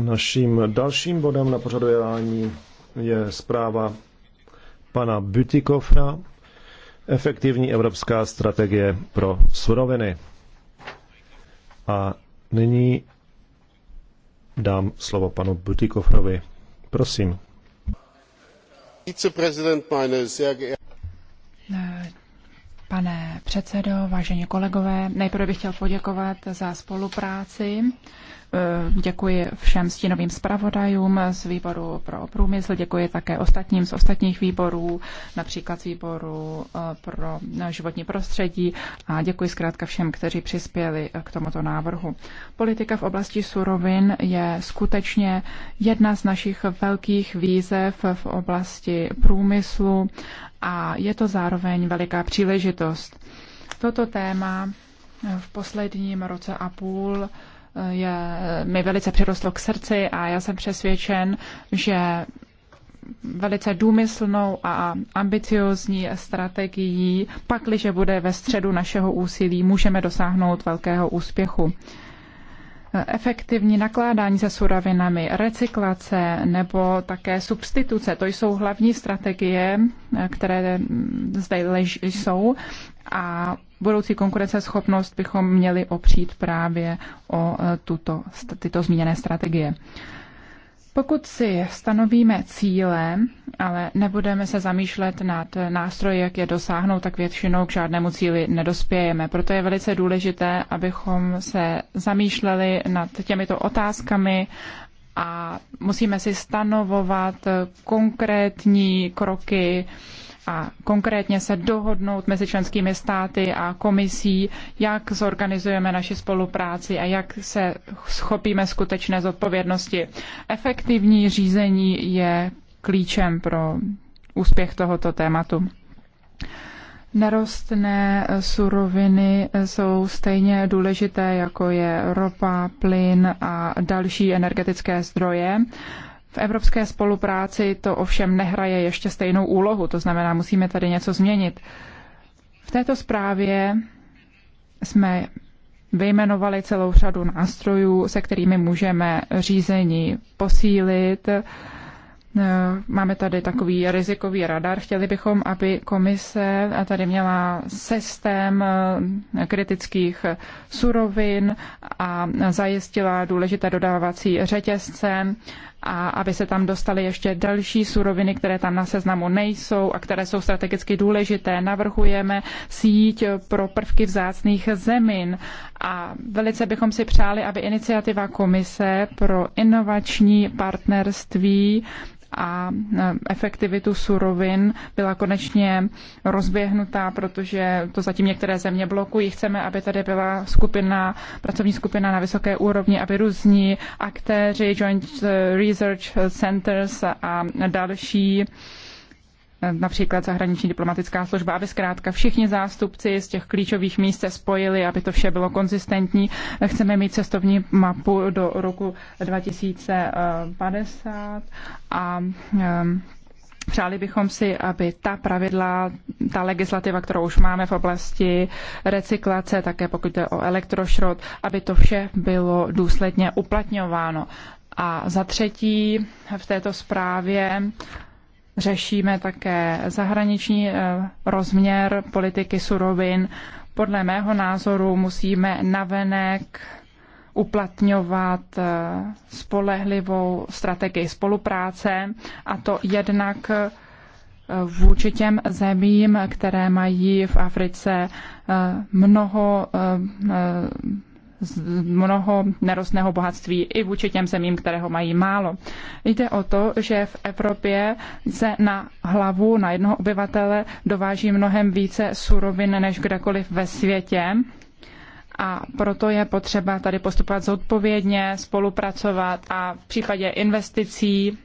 Naším dalším bodem na pořadu je zpráva pana Butikofra, efektivní evropská strategie pro suroviny. A nyní dám slovo panu Butikofrovi. Prosím. Pane předsedo, vážení kolegové. Nejprve bych chtěl poděkovat za spolupráci. Eh, děkuji všem stínovým zpravodajům z výboru pro průmysl, děkuji také ostatním z ostatních výborů, například z výboru eh, pro životní prostředí a děkuji zkrátka všem, kteří přispěli eh, k tomuto návrhu. Politika v oblasti surovin je skutečně jedna z našich velkých výzev v oblasti průmyslu a je to zároveň veliká příležitost. Toto téma v posledním roce a půl eh, je, mi velice přirostlo k srdci a já jsem přesvědčen, že velice důmyslnou a ambiciozní strategií, pakliže bude ve středu našeho úsilí, můžeme dosáhnout velkého úspěchu. Efektivní nakládání se surovinami, recyklace nebo také substituce, to jsou hlavní strategie, eh, které zde leží jsou a budoucí konkurenceschopnost bychom měli opřít právě o e, tuto, tyto zmíněné strategie. Pokud si stanovíme cíle, ale nebudeme se zamýšlet nad nástroji, jak je dosáhnout, tak většinou k žádnému cíli nedospějeme. Proto je velice důležité, abychom se zamýšleli nad těmito otázkami a musíme si stanovovat konkrétní kroky, a konkrétně se dohodnout mezi členskými státy a komisí, jak zorganizujeme naši spolupráci a jak se schopíme skutečné zodpovědnosti. Efektivní řízení je klíčem pro úspěch tohoto tématu. Nerostné suroviny jsou stejně důležité, jako je ropa, plyn a další energetické zdroje. V evropské spolupráci to ovšem nehraje ještě stejnou úlohu, to znamená, musíme tady něco změnit. V této zprávě jsme vyjmenovali celou řadu nástrojů, se kterými můžeme řízení posílit. Máme tady takový rizikový radar. Chtěli bychom, aby komise tady měla systém kritických surovin a zajistila důležité dodávací řetězce a aby se tam dostaly ještě další suroviny, které tam na seznamu nejsou a které jsou strategicky důležité. Navrhujeme síť pro prvky vzácných zemin a velice bychom si přáli, aby iniciativa komise pro inovační partnerství a e, efektivitu surovin byla konečně rozběhnutá, protože to zatím některé země blokují. Chceme, aby tady byla skupina, pracovní skupina na vysoké úrovni, aby různí aktéři, Joint Research Centers a další například zahraniční diplomatická služba, aby zkrátka všichni zástupci z těch klíčových míst se spojili, aby to vše bylo konzistentní. Chceme mít cestovní mapu do roku 2050 a Přáli bychom si, aby ta pravidla, ta legislativa, kterou už máme v oblasti recyklace, také pokud jde o elektrošrot, aby to vše bylo důsledně uplatňováno. A za třetí v této zprávě řešíme také zahraniční eh, rozměr politiky surovin. Podle mého názoru musíme navenek uplatňovat eh, spolehlivou strategii spolupráce, a to jednak eh, vůči těm zemím, které mají v Africe mnoho mnoho nerostného bohatství i vůči těm zemím, kterého mají málo. Jde o to, že v Evropě se na hlavu, na jednoho obyvatele dováží mnohem více surovin než kdekoliv ve světě. A proto je potřeba tady postupovat zodpovědně, spolupracovat a v případě investicí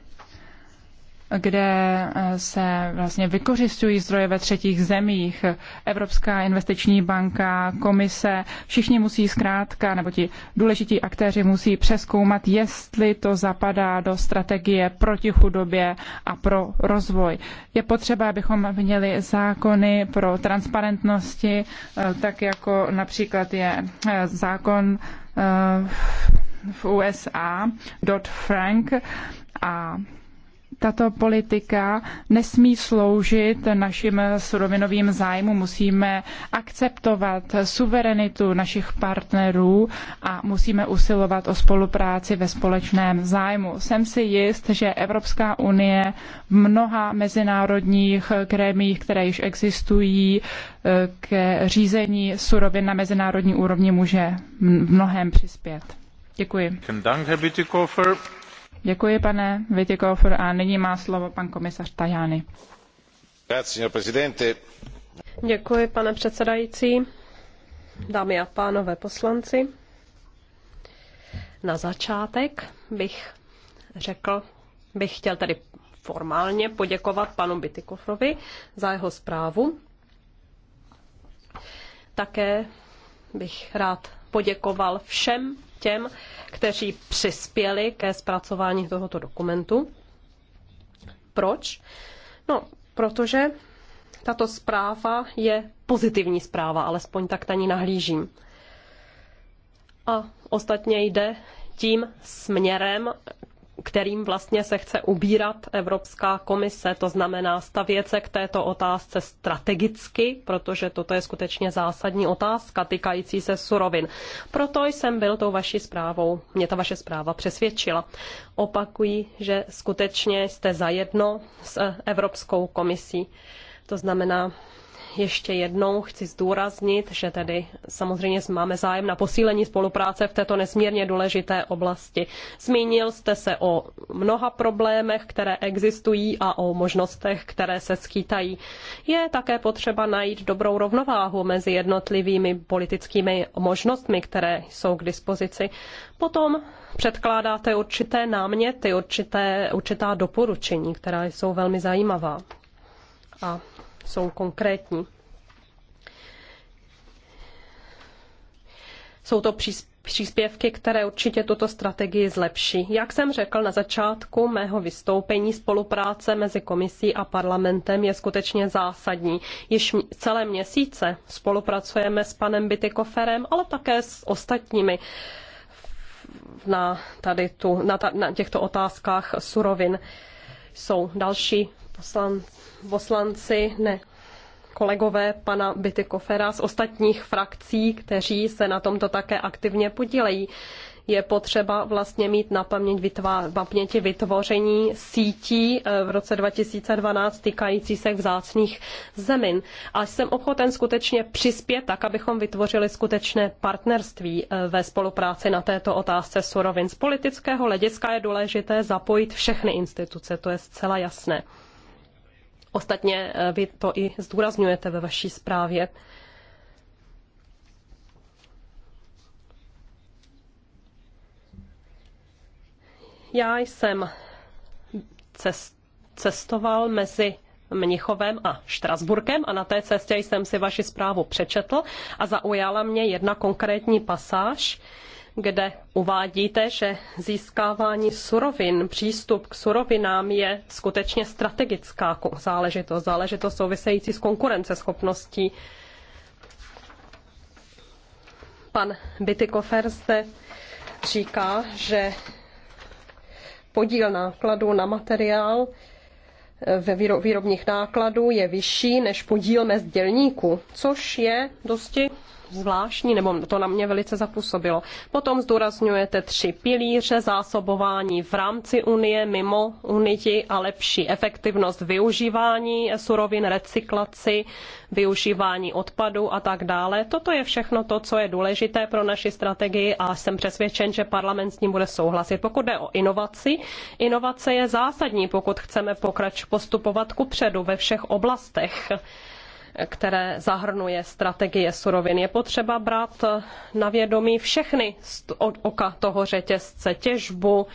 kde eh, se vlastně vykořišťují zdroje ve třetích zemích. Evropská investiční banka, komise, všichni musí zkrátka, nebo ti důležití aktéři musí přeskoumat, jestli to zapadá do strategie proti chudobě a pro rozvoj. Je potřeba, abychom měli zákony pro transparentnosti, eh, tak jako například je eh, zákon v USA, Dodd-Frank, a tato politika nesmí sloužit našim surovinovým zájmům. Musíme akceptovat suverenitu našich partnerů a musíme usilovat o spolupráci ve společném zájmu. Jsem si jist, že Evropská unie v mnoha mezinárodních krémích, které již existují, k řízení surovin na mezinárodní úrovni může v mnohem přispět. Děkuji. Děkuji, pane Vitikofer, a nyní má slovo pan komisař Tajani. Děkuji, pane předsedající, dámy a pánové poslanci. Na začátek bych řekl, bych chtěl tedy formálně poděkovat panu Bitykofrovi za jeho zprávu. Také bych rád poděkoval všem těm, kteří přispěli ke zpracování tohoto dokumentu. Proč? No, protože tato zpráva je pozitivní zpráva, alespoň tak na ní nahlížím. A ostatně jde tím směrem, kterým vlastně se chce ubírat Evropská komise, to znamená stavět se k této otázce strategicky, protože toto je skutečně zásadní otázka týkající se surovin. Proto jsem byl tou vaší zprávou, mě ta vaše zpráva přesvědčila. Opakuji, že skutečně jste zajedno s Evropskou komisí. To znamená, ještě jednou chci zdůraznit, že tedy samozřejmě máme zájem na posílení spolupráce v této nesmírně důležité oblasti. Zmínil jste se o mnoha problémech, které existují a o možnostech, které se skýtají. Je také potřeba najít dobrou rovnováhu mezi jednotlivými politickými možnostmi, které jsou k dispozici. Potom předkládáte určité náměty, určité, určitá doporučení, která jsou velmi zajímavá. A jsou konkrétní. Jsou to příspěvky, které určitě tuto strategii zlepší. Jak jsem řekl na začátku mého vystoupení, spolupráce mezi komisí a parlamentem je skutečně zásadní. Již celé měsíce spolupracujeme s panem Bitykoferem, ale také s ostatními na, tady tu, na, ta, na těchto otázkách surovin. Jsou další poslan, poslanci, ne, kolegové pana Bitykofera z ostatních frakcí, kteří se na tomto také aktivně podílejí. Je potřeba vlastně mít na paměť vytvá, paměti vytvoření sítí eh, v roce 2012 týkající se vzácných zemin. A jsem ochoten skutečně přispět tak, abychom vytvořili skutečné partnerství eh, ve spolupráci na této otázce surovin. Z politického hlediska je důležité zapojit všechny instituce, to je zcela jasné. Ostatně eh, vy to i zdůrazňujete ve vaší zprávě. Já jsem cestoval mezi Mnichovem a Štrasburkem a na té cestě jsem si vaši zprávu přečetl a zaujala mě jedna konkrétní pasáž, kde uvádíte, že získávání surovin, přístup k surovinám je skutečně strategická záležitost, záležitost související s konkurenceschopností. Pan Bytykofer zde říká, že podíl nákladů na materiál eh, ve výrobních nákladů je vyšší než podíl dělníků, což je dosti zvláštní, nebo to na mě velice zapůsobilo. Potom zdůrazňujete tři pilíře, zásobování v rámci Unie, mimo Unii a lepší efektivnost využívání surovin, recyklaci, využívání odpadu a tak dále. Toto je všechno to, co je důležité pro naši strategii a jsem přesvědčen, že parlament s ním bude souhlasit. Pokud jde o inovaci, inovace je zásadní, pokud chceme pokrač postupovat kupředu ve všech oblastech které zahrnuje strategie surovin. Je potřeba brát na vědomí všechny oka toho řetězce, těžbu,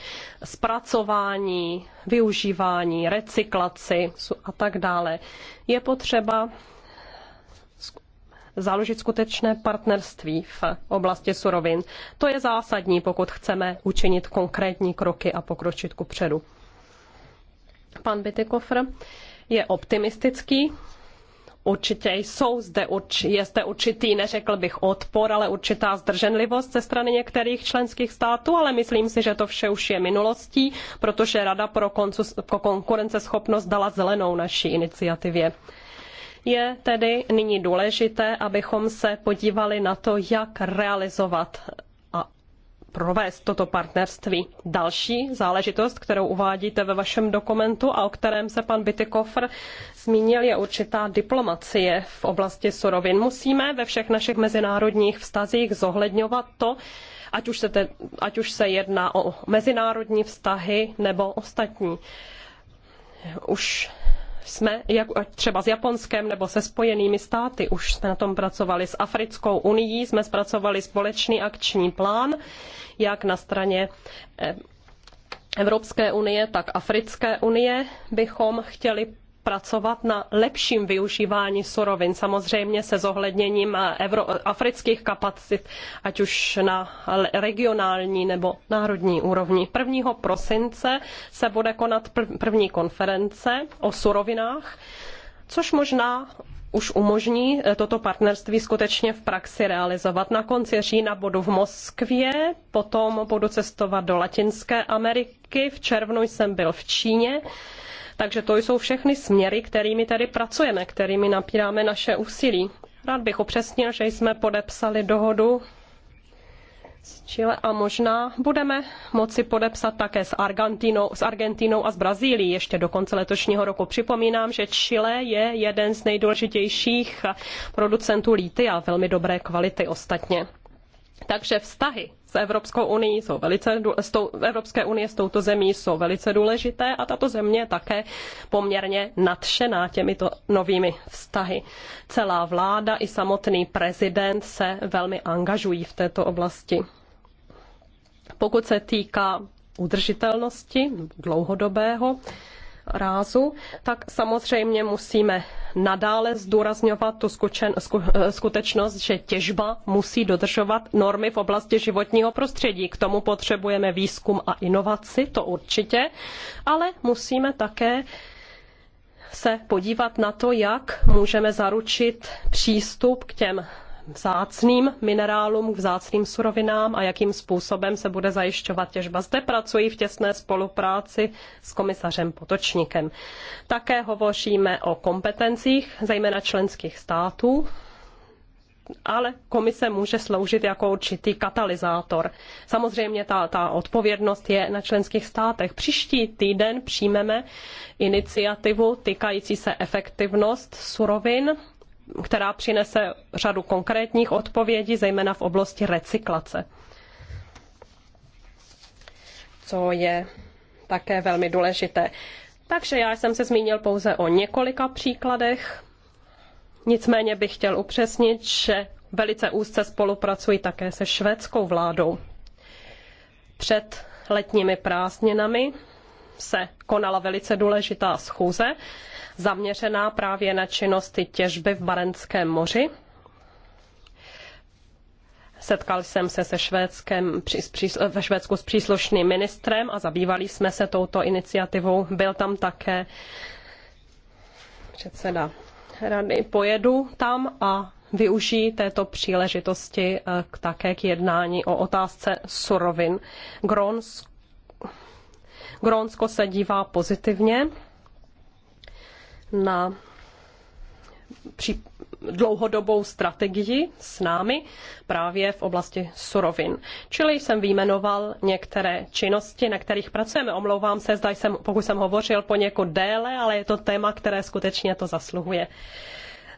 zpracování, využívání, recyklaci a tak dále. Je potřeba založit skutečné partnerství v oblasti surovin. To je zásadní, pokud chceme učinit konkrétní kroky a pokročit ku předu. Pan Bitykofr je optimistický určitě jsou zde, je zde určitý, neřekl bych odpor, ale určitá zdrženlivost ze strany některých členských států, ale myslím si, že to vše už je minulostí, protože Rada pro konkurenceschopnost dala zelenou naší iniciativě. Je tedy nyní důležité, abychom se podívali na to, jak realizovat provést toto partnerství. Další záležitost, kterou uvádíte ve vašem dokumentu a o kterém se pan Bitykofr zmínil, je určitá diplomacie v oblasti surovin. Musíme ve všech našich mezinárodních vztazích zohledňovat to, ať už se, te, ať už se jedná o mezinárodní vztahy nebo ostatní. Už jsme, jak třeba s Japonskem nebo se Spojenými státy, už jsme na tom pracovali s Africkou unii, jsme zpracovali společný akční plán, jak na straně eh, Evropské unie, tak Africké unie bychom chtěli pracovat na lepším využívání surovin, samozřejmě se zohledněním eh, evro- afrických kapacit, ať už na regionální nebo národní úrovni. 1. prosince se bude konat první konference o surovinách, což možná už umožní eh, toto partnerství skutečně v praxi realizovat. Na konci října budu v Moskvě, potom budu cestovat do Latinské Ameriky, v červnu jsem byl v Číně takže to jsou všechny směry, kterými tedy pracujeme, kterými napíráme naše úsilí. Rád bych upřesnil, že jsme podepsali dohodu s Chile a možná budeme moci podepsat také s Argentinou, s Argentinou a s Brazílií ještě do konce letošního roku. Připomínám, že Chile je jeden z nejdůležitějších producentů líty a velmi dobré kvality ostatně. Takže vztahy s Evropskou unii jsou velice, s tou, Evropské unie s touto zemí jsou velice důležité a tato země je také poměrně nadšená těmito novými vztahy. Celá vláda i samotný prezident se velmi angažují v této oblasti. Pokud se týká udržitelnosti dlouhodobého, rázu, tak samozřejmě musíme nadále zdůrazňovat tu eh, skutečnost, že těžba musí dodržovat normy v oblasti životního prostředí. K tomu potřebujeme výzkum a inovaci, to určitě, ale musíme také se podívat na to, jak můžeme zaručit přístup k těm vzácným minerálům, k vzácným surovinám a jakým způsobem se bude zajišťovat těžba. Zde pracují v těsné spolupráci s komisařem Potočníkem. Také hovoříme o kompetencích, zejména členských států, ale komise může sloužit jako určitý katalyzátor. Samozřejmě ta, ta odpovědnost je na členských státech. Příští týden přijmeme iniciativu týkající se efektivnost surovin která přinese řadu konkrétních odpovědí, zejména v oblasti recyklace. Co je také velmi důležité. Takže já jsem se zmínil pouze o několika příkladech. Nicméně bych chtěl upřesnit, že velice úzce spolupracuji také se švédskou vládou. Před letními prázdninami se konala velice důležitá schůze, zaměřená právě na činnosti těžby v Barentském moři. Setkal jsem se se švédském, ve Švédsku s příslušným ministrem a zabývali jsme se touto iniciativou. Byl tam také předseda rady. Pojedu tam a využijí této příležitosti eh, k, také k jednání o otázce surovin. Grónsko Grónsko se dívá pozitivně na dlouhodobou strategii s námi právě v oblasti surovin. Čili jsem výjmenoval některé činnosti, na kterých pracujeme. Omlouvám se, zda jsem, pokud jsem hovořil poněkud déle, ale je to téma, které skutečně to zasluhuje.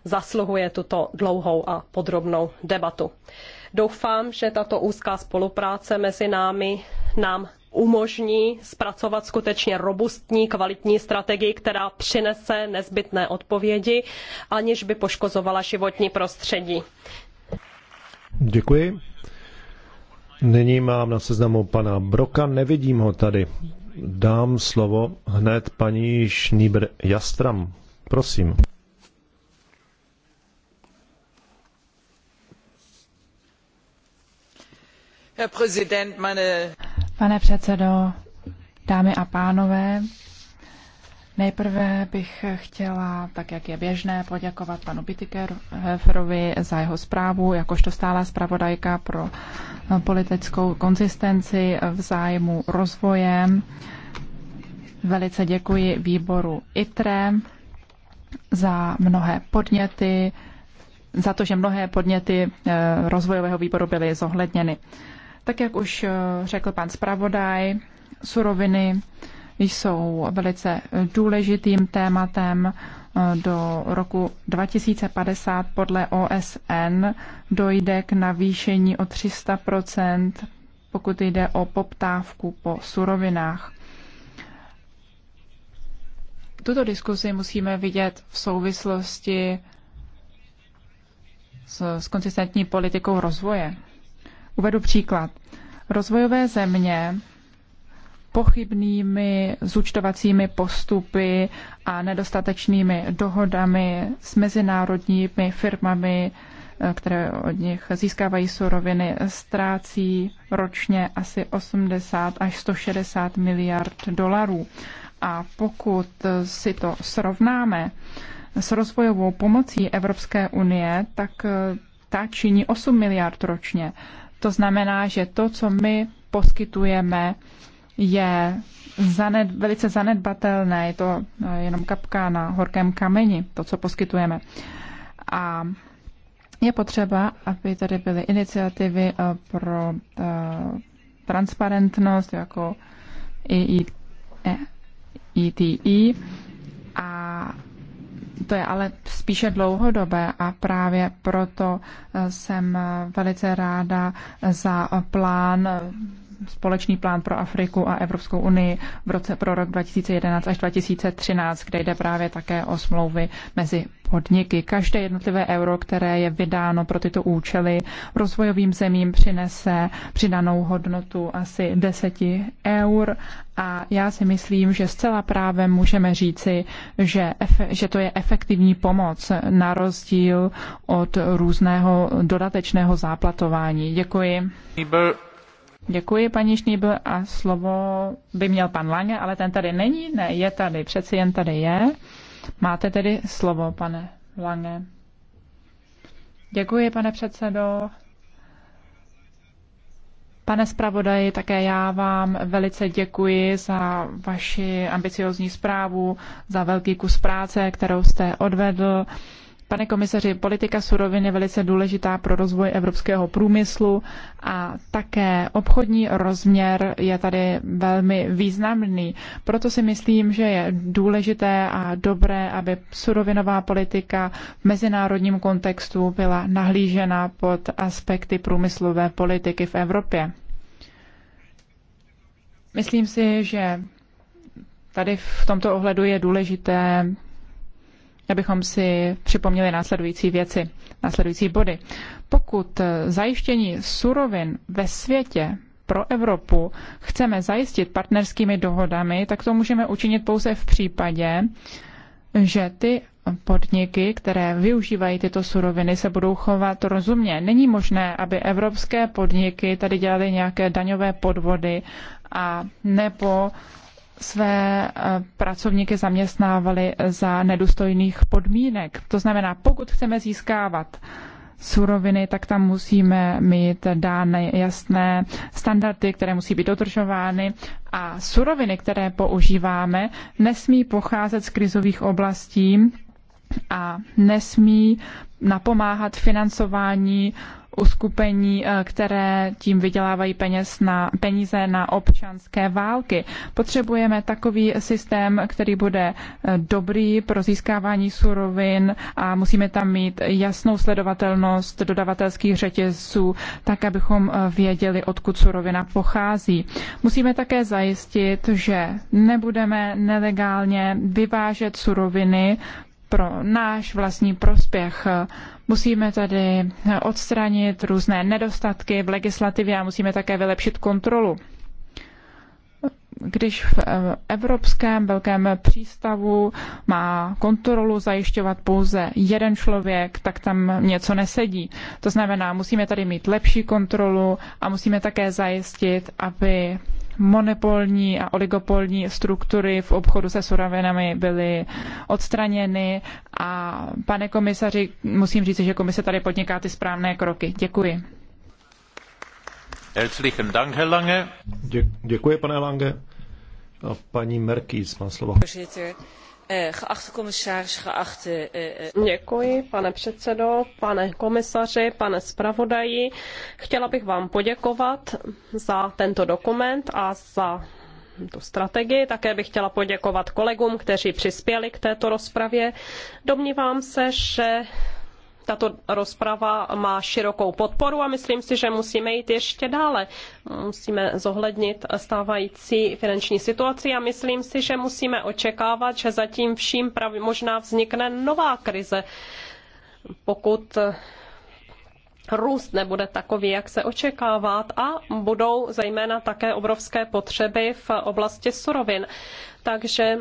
Zasluhuje tuto dlouhou a podrobnou debatu. Doufám, že tato úzká spolupráce mezi námi nám umožní zpracovat skutečně robustní, kvalitní strategii, která přinese nezbytné odpovědi, aniž by poškozovala životní prostředí. Děkuji. Nyní mám na seznamu pana Broka, nevidím ho tady. Dám slovo hned paní Schnieber Jastram. Prosím. Herr Präsident, meine Pane předsedo, dámy a pánové, Nejprve bych chtěla, tak jak je běžné, poděkovat panu Bitikerovi za jeho zprávu, jakožto stálá zpravodajka pro eh, politickou konzistenci v zájmu rozvoje. Velice děkuji výboru ITRE za mnohé podněty, za to, že mnohé podněty eh, rozvojového výboru byly zohledněny. Tak jak už eh, řekl pan zpravodaj, suroviny jsou velice důležitým tématem. Eh, do roku 2050 podle OSN dojde k navýšení o 300 pokud jde o poptávku po surovinách. Tuto diskusi musíme vidět v souvislosti s, s konsistentní politikou rozvoje. Uvedu příklad. Rozvojové země pochybnými zúčtovacími postupy a nedostatečnými dohodami s mezinárodními firmami, eh, které od nich získávají suroviny, ztrácí ročně asi 80 až 160 miliard dolarů. A pokud si to srovnáme s rozvojovou pomocí Evropské unie, tak eh, ta činí 8 miliard ročně. To znamená, že to, co my poskytujeme, je zaned, velice zanedbatelné, je to eh, jenom kapka na horkém kameni, to, co poskytujeme. A je potřeba, aby tady byly iniciativy eh, pro eh, transparentnost, jako EITI, e, a to je ale spíše dlouhodobé a právě proto eh, jsem eh, velice ráda za eh, plán společný plán pro Afriku a Evropskou unii v roce pro rok 2011 až 2013, kde jde právě také o smlouvy mezi podniky. Každé jednotlivé euro, které je vydáno pro tyto účely, rozvojovým zemím přinese přidanou hodnotu asi 10 eur a já si myslím, že zcela právem můžeme říci, že, že to je efektivní pomoc na rozdíl od různého dodatečného záplatování. Děkuji. Děkuji, paní Šníbl, a slovo by měl pan Lange, ale ten tady není, ne, je tady, přeci jen tady je. Máte tedy slovo, pane Lange. Děkuji, pane předsedo. Pane zpravodaji, také já vám velice děkuji za vaši ambiciozní zprávu, za velký kus práce, kterou jste odvedl. Pane komisaři, politika surovin je velice důležitá pro rozvoj evropského průmyslu a také obchodní rozměr je tady velmi významný. Proto si myslím, že je důležité a dobré, aby surovinová politika v mezinárodním kontextu byla nahlížena pod aspekty průmyslové politiky v Evropě. Myslím si, že tady v tomto ohledu je důležité abychom si připomněli následující věci, následující body. Pokud eh, zajištění surovin ve světě pro Evropu chceme zajistit partnerskými dohodami, tak to můžeme učinit pouze v případě, že ty podniky, které využívají tyto suroviny, se budou chovat rozumně. Není možné, aby evropské podniky tady dělaly nějaké daňové podvody a nebo své eh, pracovníky zaměstnávali za nedůstojných podmínek. To znamená, pokud chceme získávat suroviny, tak tam musíme mít dány jasné standardy, které musí být dodržovány a suroviny, které používáme, nesmí pocházet z krizových oblastí a nesmí napomáhat financování uskupení, eh, které tím vydělávají peněz na, peníze na občanské války. Potřebujeme takový systém, který bude eh, dobrý pro získávání surovin a musíme tam mít jasnou sledovatelnost dodavatelských řetězců, tak abychom eh, věděli, odkud surovina pochází. Musíme také zajistit, že nebudeme nelegálně vyvážet suroviny pro náš vlastní prospěch. Musíme tady odstranit různé nedostatky v legislativě a musíme také vylepšit kontrolu. Když v evropském velkém přístavu má kontrolu zajišťovat pouze jeden člověk, tak tam něco nesedí. To znamená, musíme tady mít lepší kontrolu a musíme také zajistit, aby monopolní a oligopolní struktury v obchodu se surovinami byly odstraněny a pane komisaři, musím říct, že komise tady podniká ty správné kroky. Děkuji. Herzlichen Dank, Herr Lange. Dě- děkuji, pane Lange. A paní Merkis má slovo. Eh, eh, eh. Děkuji, pane předsedo, pane komisaři, pane zpravodaji. Chtěla bych vám poděkovat za tento dokument a za tu strategii. Také bych chtěla poděkovat kolegům, kteří přispěli k této rozpravě. Domnívám se, že tato rozprava má širokou podporu a myslím si, že musíme jít ještě dále. Musíme zohlednit stávající finanční situaci a myslím si, že musíme očekávat, že zatím vším prav... možná vznikne nová krize, pokud růst nebude takový, jak se očekávat a budou zejména také obrovské potřeby v oblasti surovin. Takže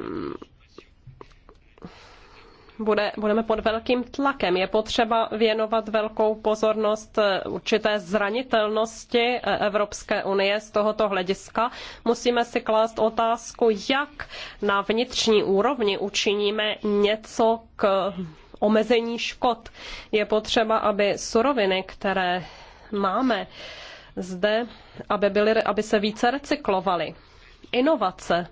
bude, budeme pod velkým tlakem. Je potřeba věnovat velkou pozornost eh, určité zranitelnosti eh, Evropské unie z tohoto hlediska. Musíme si klást otázku, jak na vnitřní úrovni učiníme něco k omezení škod. Je potřeba, aby suroviny, které máme zde, aby, byly, aby se více recyklovaly. Inovace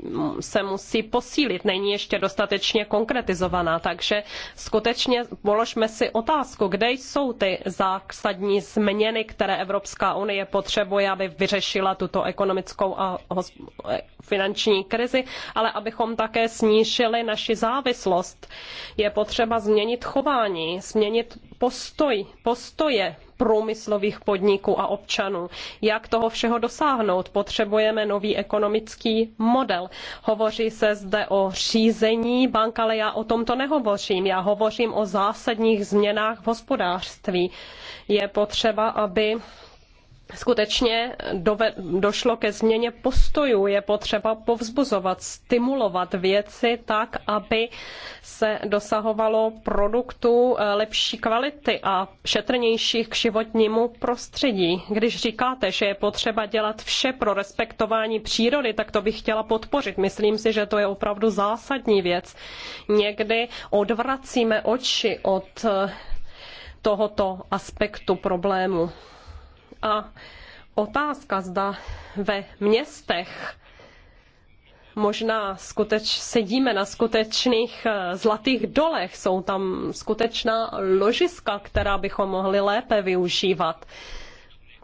No, se musí posílit, není ještě dostatečně konkretizovaná. Takže skutečně položme si otázku, kde jsou ty zásadní změny, které Evropská unie potřebuje, aby vyřešila tuto ekonomickou a finanční krizi, ale abychom také snížili naši závislost. Je potřeba změnit chování, změnit postoj, postoje průmyslových podniků a občanů. Jak toho všeho dosáhnout? Potřebujeme nový ekonomický model. Hovoří se zde o řízení bank, ale já o tomto nehovořím. Já hovořím o zásadních změnách v hospodářství. Je potřeba, aby skutečně dove, došlo ke změně postojů. Je potřeba povzbuzovat, stimulovat věci tak, aby se dosahovalo produktů eh, lepší kvality a šetrnějších k životnímu prostředí. Když říkáte, že je potřeba dělat vše pro respektování přírody, tak to bych chtěla podpořit. Myslím si, že to je opravdu zásadní věc. Někdy odvracíme oči od eh, tohoto aspektu problému. A otázka, zda ve městech možná skuteč, sedíme na skutečných eh, zlatých dolech, jsou tam skutečná ložiska, která bychom mohli lépe využívat.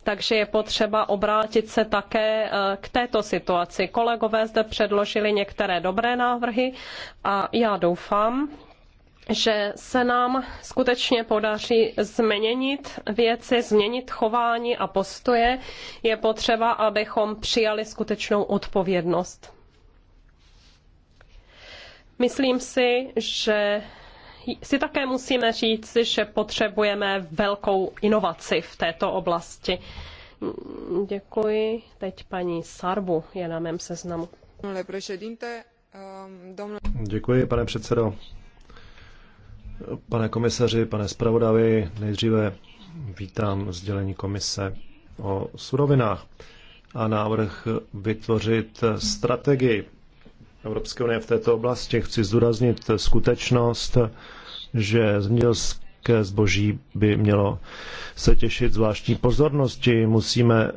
Takže je potřeba obrátit se také eh, k této situaci. Kolegové zde předložili některé dobré návrhy a já doufám, že se nám skutečně podaří změnit věci, změnit chování a postoje, je potřeba, abychom přijali skutečnou odpovědnost. Myslím si, že si také musíme říct, že potřebujeme velkou inovaci v této oblasti. Děkuji. Teď paní Sarbu je na mém seznamu. Ehm, Děkuji, pane předsedo. Pane komisaři, pane zpravodavi, nejdříve vítám sdělení komise o surovinách a návrh vytvořit strategii Evropské unie v této oblasti. Chci zdůraznit skutečnost, že zemědělské zboží by mělo se těšit zvláštní pozornosti. Musíme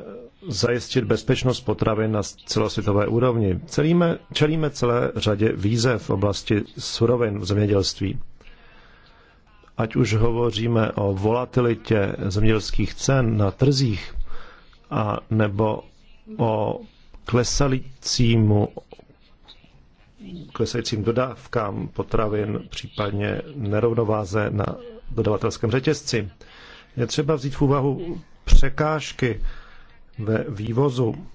zajistit bezpečnost potravin na celosvětové úrovni. Celíme, čelíme celé řadě výzev v oblasti surovin v zemědělství ať už hovoříme o volatilitě zemědělských cen na trzích, a nebo o klesajícímu klesajícím dodávkám potravin, případně nerovnováze na dodavatelském řetězci. Je třeba vzít v úvahu překážky ve vývozu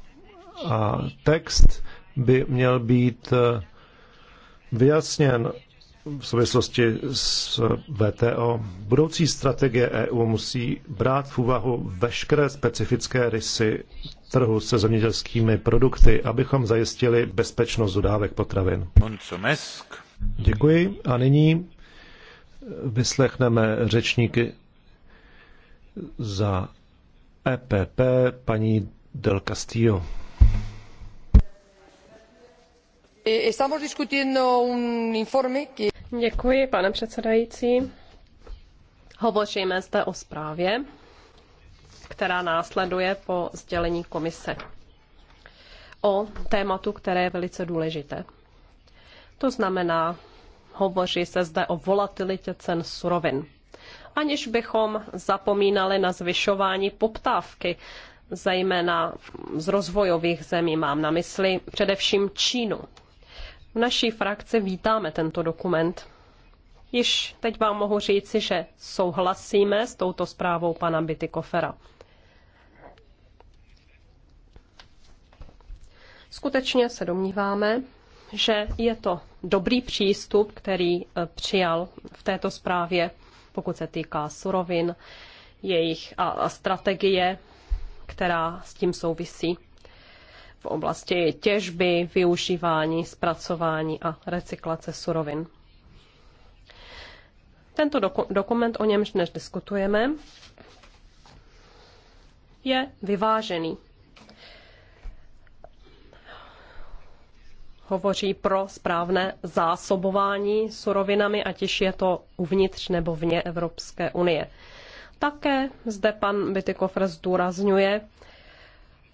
a text by měl být vyjasněn v souvislosti s VTO. Budoucí strategie EU musí brát v úvahu veškeré specifické rysy trhu se zemědělskými produkty, abychom zajistili bezpečnost dodávek potravin. Děkuji a nyní vyslechneme řečníky za EPP paní Del Castillo. Eh, Děkuji, pane předsedající. Hovoříme zde o zprávě, která následuje po sdělení komise o tématu, které je velice důležité. To znamená, hovoří se zde o volatilitě cen surovin. Aniž bychom zapomínali na zvyšování poptávky, zejména z rozvojových zemí mám na mysli především Čínu, v naší frakci vítáme tento dokument. Již teď vám mohu říci, že souhlasíme s touto zprávou pana Bitykofera. Skutečně se domníváme, že je to dobrý přístup, který eh, přijal v této zprávě, pokud se týká surovin jejich a, a strategie, která s tím souvisí oblasti těžby, využívání, zpracování a recyklace surovin. Tento doku- dokument, o němž dnes diskutujeme, je vyvážený. Hovoří pro správné zásobování surovinami, ať již je to uvnitř nebo vně Evropské unie. Také zde pan Bytykofr zdůrazňuje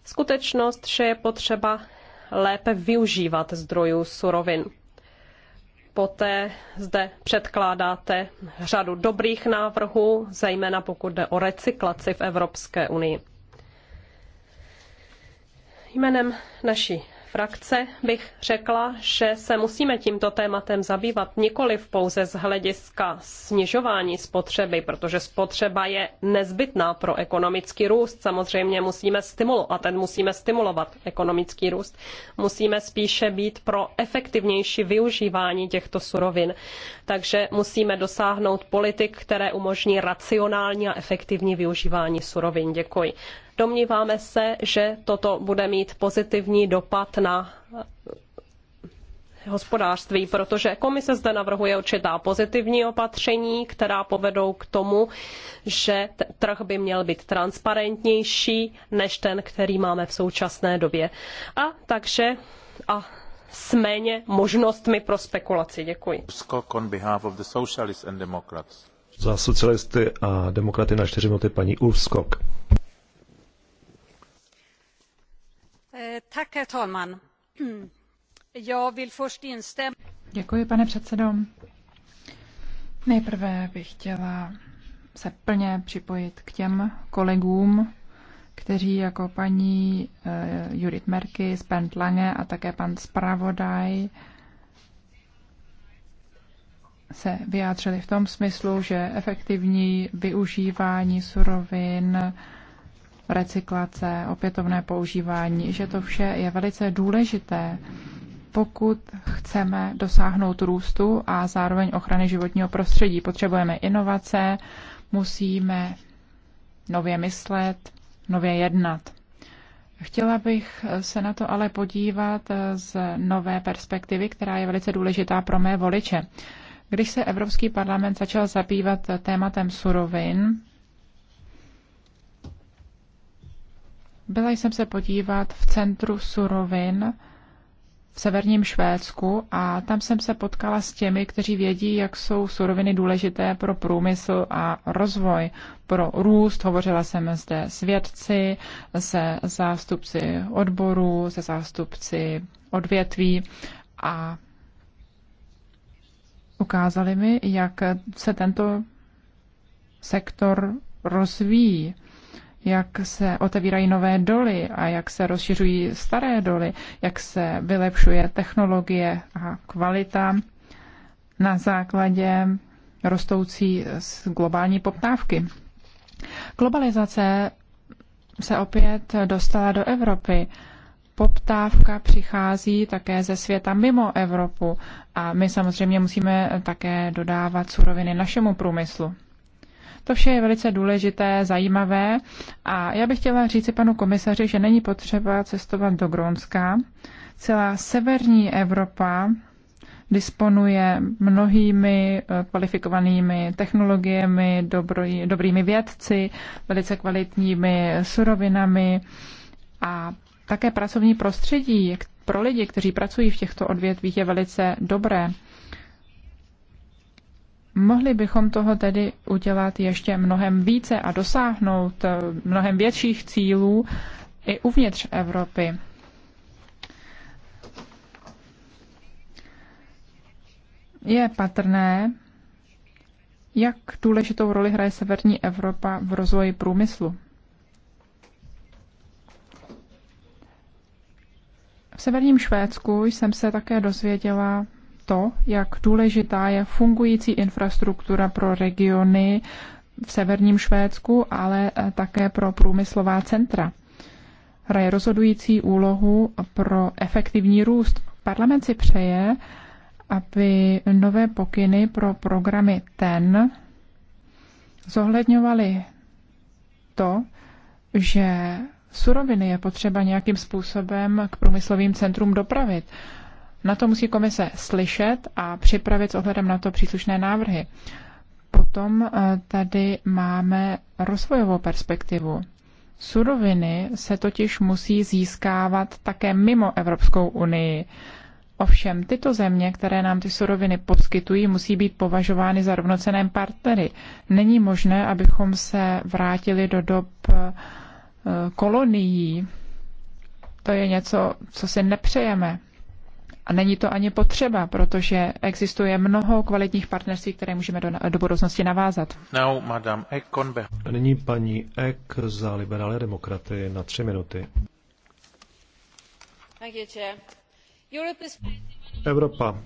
skutečnost, že je potřeba lépe využívat zdrojů surovin. Poté zde předkládáte řadu dobrých návrhů, zejména pokud jde o recyklaci v Evropské unii. Jménem naší frakce bych řekla, že se musíme tímto tématem zabývat nikoliv pouze z hlediska snižování spotřeby, protože spotřeba je nezbytná pro ekonomický růst. Samozřejmě musíme stimulovat a ten musíme stimulovat ekonomický růst. Musíme spíše být pro efektivnější využívání těchto surovin. Takže musíme dosáhnout politik, které umožní racionální a efektivní využívání surovin. Děkuji. Domníváme se, že toto bude mít pozitivní dopad na eh, hospodářství, protože komise zde navrhuje určitá pozitivní opatření, která povedou k tomu, že trh by měl být transparentnější než ten, který máme v současné době. A takže a s méně možnostmi pro spekulaci. Děkuji. Skok on behalf of the socialists and democrats. Za socialisty a demokraty na čtyři minuty paní Ulfskok. Eh, herr Děkuji, pane předsedo. Nejprve bych chtěla plně připojit k těm kolegům, kteří jako paní eh, Judith Merky, Bernd Lange a také pan zpravodaj se vyjádřili v tom smyslu, že efektivní využívání surovin recyklace, opětovné používání, že to vše je velice důležité, pokud chceme dosáhnout růstu a zároveň ochrany životního prostředí. Potřebujeme inovace, musíme nově myslet, nově jednat. Chtěla bych se na to ale podívat z nové perspektivy, která je velice důležitá pro mé voliče. Když se Evropský parlament začal zabývat tématem surovin, Byla jsem se podívat v centru surovin v severním Švédsku a tam jsem se potkala s těmi, kteří vědí, jak jsou suroviny důležité pro průmysl a rozvoj, pro růst. Hovořila jsem zde s vědci, se zástupci odborů, se zástupci odvětví a ukázali mi, jak se tento sektor rozvíjí jak se otevírají nové doly a jak se rozšiřují staré doly, jak se vylepšuje technologie a kvalita na základě rostoucí globální poptávky. Globalizace se opět dostala do Evropy. Poptávka přichází také ze světa mimo Evropu a my samozřejmě musíme také dodávat suroviny našemu průmyslu. To vše je velice důležité, zajímavé a já bych chtěla říci panu komisaři, že není potřeba cestovat do Grónska. Celá severní Evropa disponuje mnohými eh, kvalifikovanými technologiemi, dobrý, dobrými vědci, velice kvalitními surovinami a také pracovní prostředí pro lidi, kteří pracují v těchto odvětvích, je velice dobré. Mohli bychom toho tedy udělat ještě mnohem více a dosáhnout eh, mnohem větších cílů i uvnitř Evropy. Je patrné, jak důležitou roli hraje severní Evropa v rozvoji průmyslu. V severním Švédsku jsem se také dozvěděla to, jak důležitá je fungující infrastruktura pro regiony v severním Švédsku, ale eh, také pro průmyslová centra. Hraje rozhodující úlohu pro efektivní růst. Parlament si přeje, aby nové pokyny pro programy TEN zohledňovaly to, že suroviny je potřeba nějakým způsobem k průmyslovým centrum dopravit. Na to musí komise slyšet a připravit s ohledem na to příslušné návrhy. Potom eh, tady máme rozvojovou perspektivu. Suroviny se totiž musí získávat také mimo Evropskou unii. Ovšem, tyto země, které nám ty suroviny poskytují, musí být považovány za rovnocené partnery. Není možné, abychom se vrátili do dob eh, kolonií. To je něco, co si nepřejeme. A není to ani potřeba, protože existuje mnoho kvalitních partnerství, které můžeme do, do budoucnosti navázat. Now, Madame Ekonbe. Nyní paní Ek za liberální demokraty na tři minuty. Evropa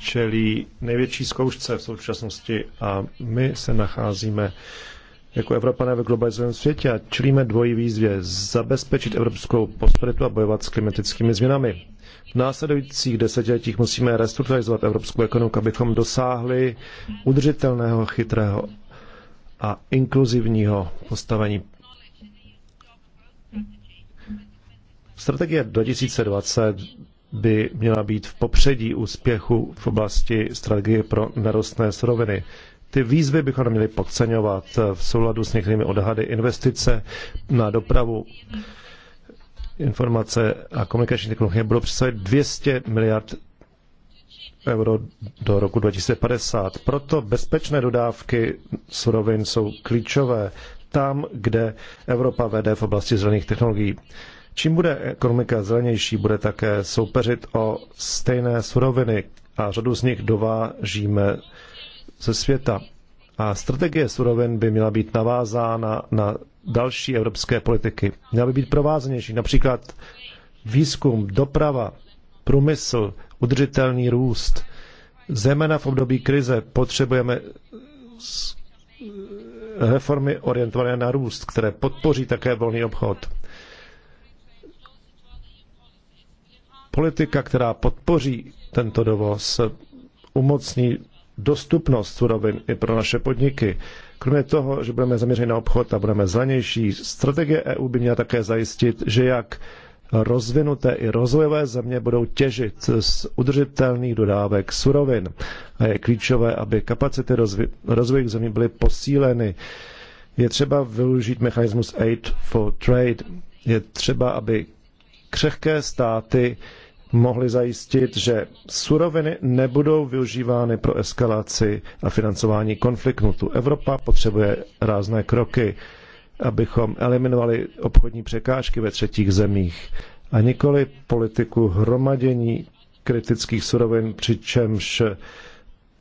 čelí největší zkoušce v současnosti a my se nacházíme jako Evropané ve globalizovaném světě a čelíme dvojí výzvě zabezpečit evropskou prosperitu a bojovat s klimatickými změnami následujících desetiletích musíme restrukturalizovat evropskou ekonomiku, abychom dosáhli udržitelného, chytrého a inkluzivního postavení. Strategie 2020 by měla být v popředí úspěchu v oblasti strategie pro nerostné suroviny. Ty výzvy bychom neměli podceňovat v souladu s některými odhady investice na dopravu informace a komunikační technologie budou představit 200 miliard euro do roku 2050. Proto bezpečné dodávky surovin jsou klíčové tam, kde Evropa vede v oblasti zelených technologií. Čím bude ekonomika zelenější, bude také soupeřit o stejné suroviny a řadu z nich dovážíme ze světa. A strategie surovin by měla být navázána na další evropské politiky. Měla by být provázanější, například výzkum, doprava, průmysl, udržitelný růst. Zejména v období krize potřebujeme reformy orientované na růst, které podpoří také volný obchod. Politika, která podpoří tento dovoz, umocní dostupnost surovin i pro naše podniky. Kromě toho, že budeme zaměřeni na obchod a budeme zelenější, strategie EU by měla také zajistit, že jak rozvinuté i rozvojové země budou těžit z udržitelných dodávek surovin. A je klíčové, aby kapacity rozvi- rozvojových zemí byly posíleny. Je třeba využít mechanismus Aid for Trade. Je třeba, aby křehké státy mohli zajistit, že suroviny nebudou využívány pro eskalaci a financování konfliktu. Evropa potřebuje rázné kroky, abychom eliminovali obchodní překážky ve třetích zemích a nikoli politiku hromadění kritických surovin, přičemž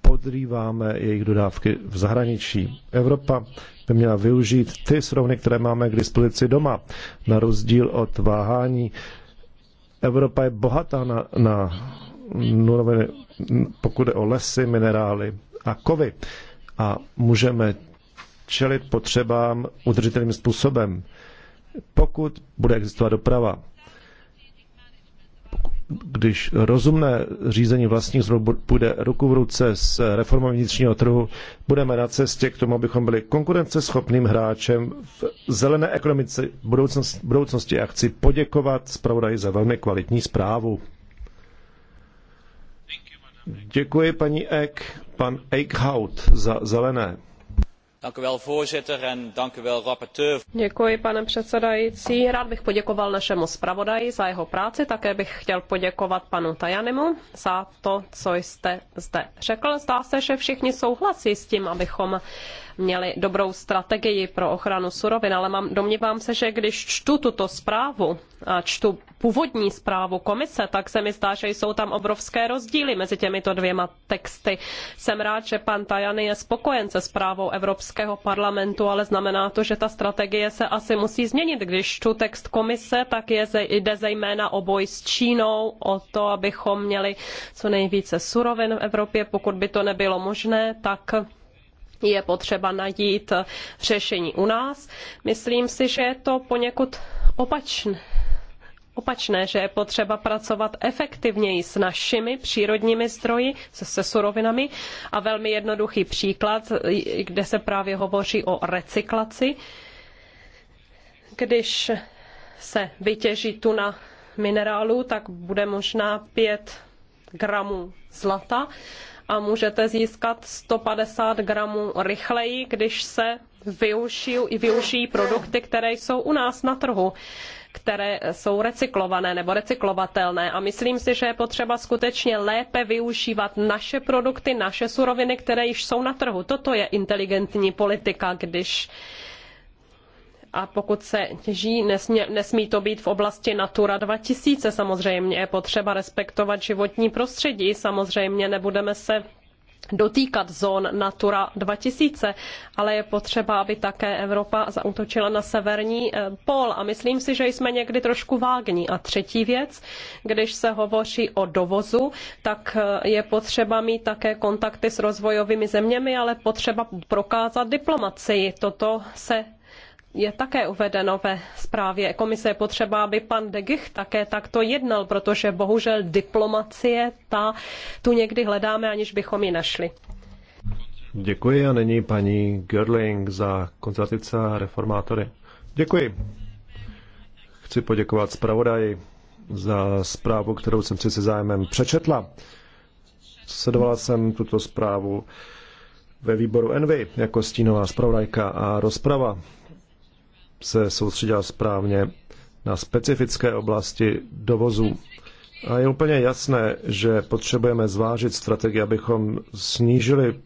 podrýváme jejich dodávky v zahraničí. Evropa by měla využít ty suroviny, které máme k dispozici doma, na rozdíl od váhání Evropa je bohatá na, na nuloviny, pokud jde o lesy, minerály a kovy. A můžeme čelit potřebám udržitelným způsobem, pokud bude existovat doprava když rozumné řízení vlastních zdrojů půjde ruku v ruce s reformou vnitřního trhu, budeme na cestě k tomu, abychom byli konkurenceschopným hráčem v zelené ekonomice budoucnosti, budoucnosti a chci poděkovat zpravodaji za velmi kvalitní zprávu. Děkuji paní Eck, pan Eichhout za zelené. Děkuji, pane předsedající. Rád bych poděkoval našemu zpravodaji za jeho práci. Také bych chtěl poděkovat panu Tajanemu za to, co jste zde řekl. Zdá se, že všichni souhlasí s tím, abychom měli dobrou strategii pro ochranu surovin, ale domnívám se, že když čtu tuto zprávu a čtu původní zprávu komise, tak se mi zdá, že jsou tam obrovské rozdíly mezi těmito dvěma texty. Jsem rád, že pan Tajany je spokojen se zprávou Evropského parlamentu, ale znamená to, že ta strategie se asi musí změnit. Když tu text komise, tak je, jde zejména o boj s Čínou, o to, abychom měli co nejvíce surovin v Evropě. Pokud by to nebylo možné, tak je potřeba najít řešení u nás. Myslím si, že je to poněkud opačné opačné, že je potřeba pracovat efektivněji s našimi přírodními zdroji, se, se surovinami. A velmi jednoduchý příklad, kde se právě hovoří o recyklaci. Když se vytěží tuna minerálu, tak bude možná 5 gramů zlata a můžete získat 150 gramů rychleji, když se využijí, využijí produkty, které jsou u nás na trhu které jsou recyklované nebo recyklovatelné. A myslím si, že je potřeba skutečně lépe využívat naše produkty, naše suroviny, které již jsou na trhu. Toto je inteligentní politika, když a pokud se těží, nesmí, nesmí to být v oblasti Natura 2000 samozřejmě. Je potřeba respektovat životní prostředí. Samozřejmě nebudeme se dotýkat zón Natura 2000, ale je potřeba, aby také Evropa zautočila na severní eh, pol. A myslím si, že jsme někdy trošku vágní. A třetí věc, když se hovoří o dovozu, tak eh, je potřeba mít také kontakty s rozvojovými zeměmi, ale potřeba prokázat diplomacii. Toto se je také uvedeno ve zprávě komise, je potřeba, aby pan de Gucht také takto jednal, protože bohužel diplomacie, ta tu někdy hledáme, aniž bychom ji našli. Děkuji a není paní Görling za konzervativce a reformátory. Děkuji. Chci poděkovat zpravodaji za zprávu, kterou jsem si se zájmem přečetla. Sledovala jsem tuto zprávu ve výboru Envy jako stínová zpravodajka a rozprava se soustředila správně na specifické oblasti dovozů. A je úplně jasné, že potřebujeme zvážit strategii, abychom snížili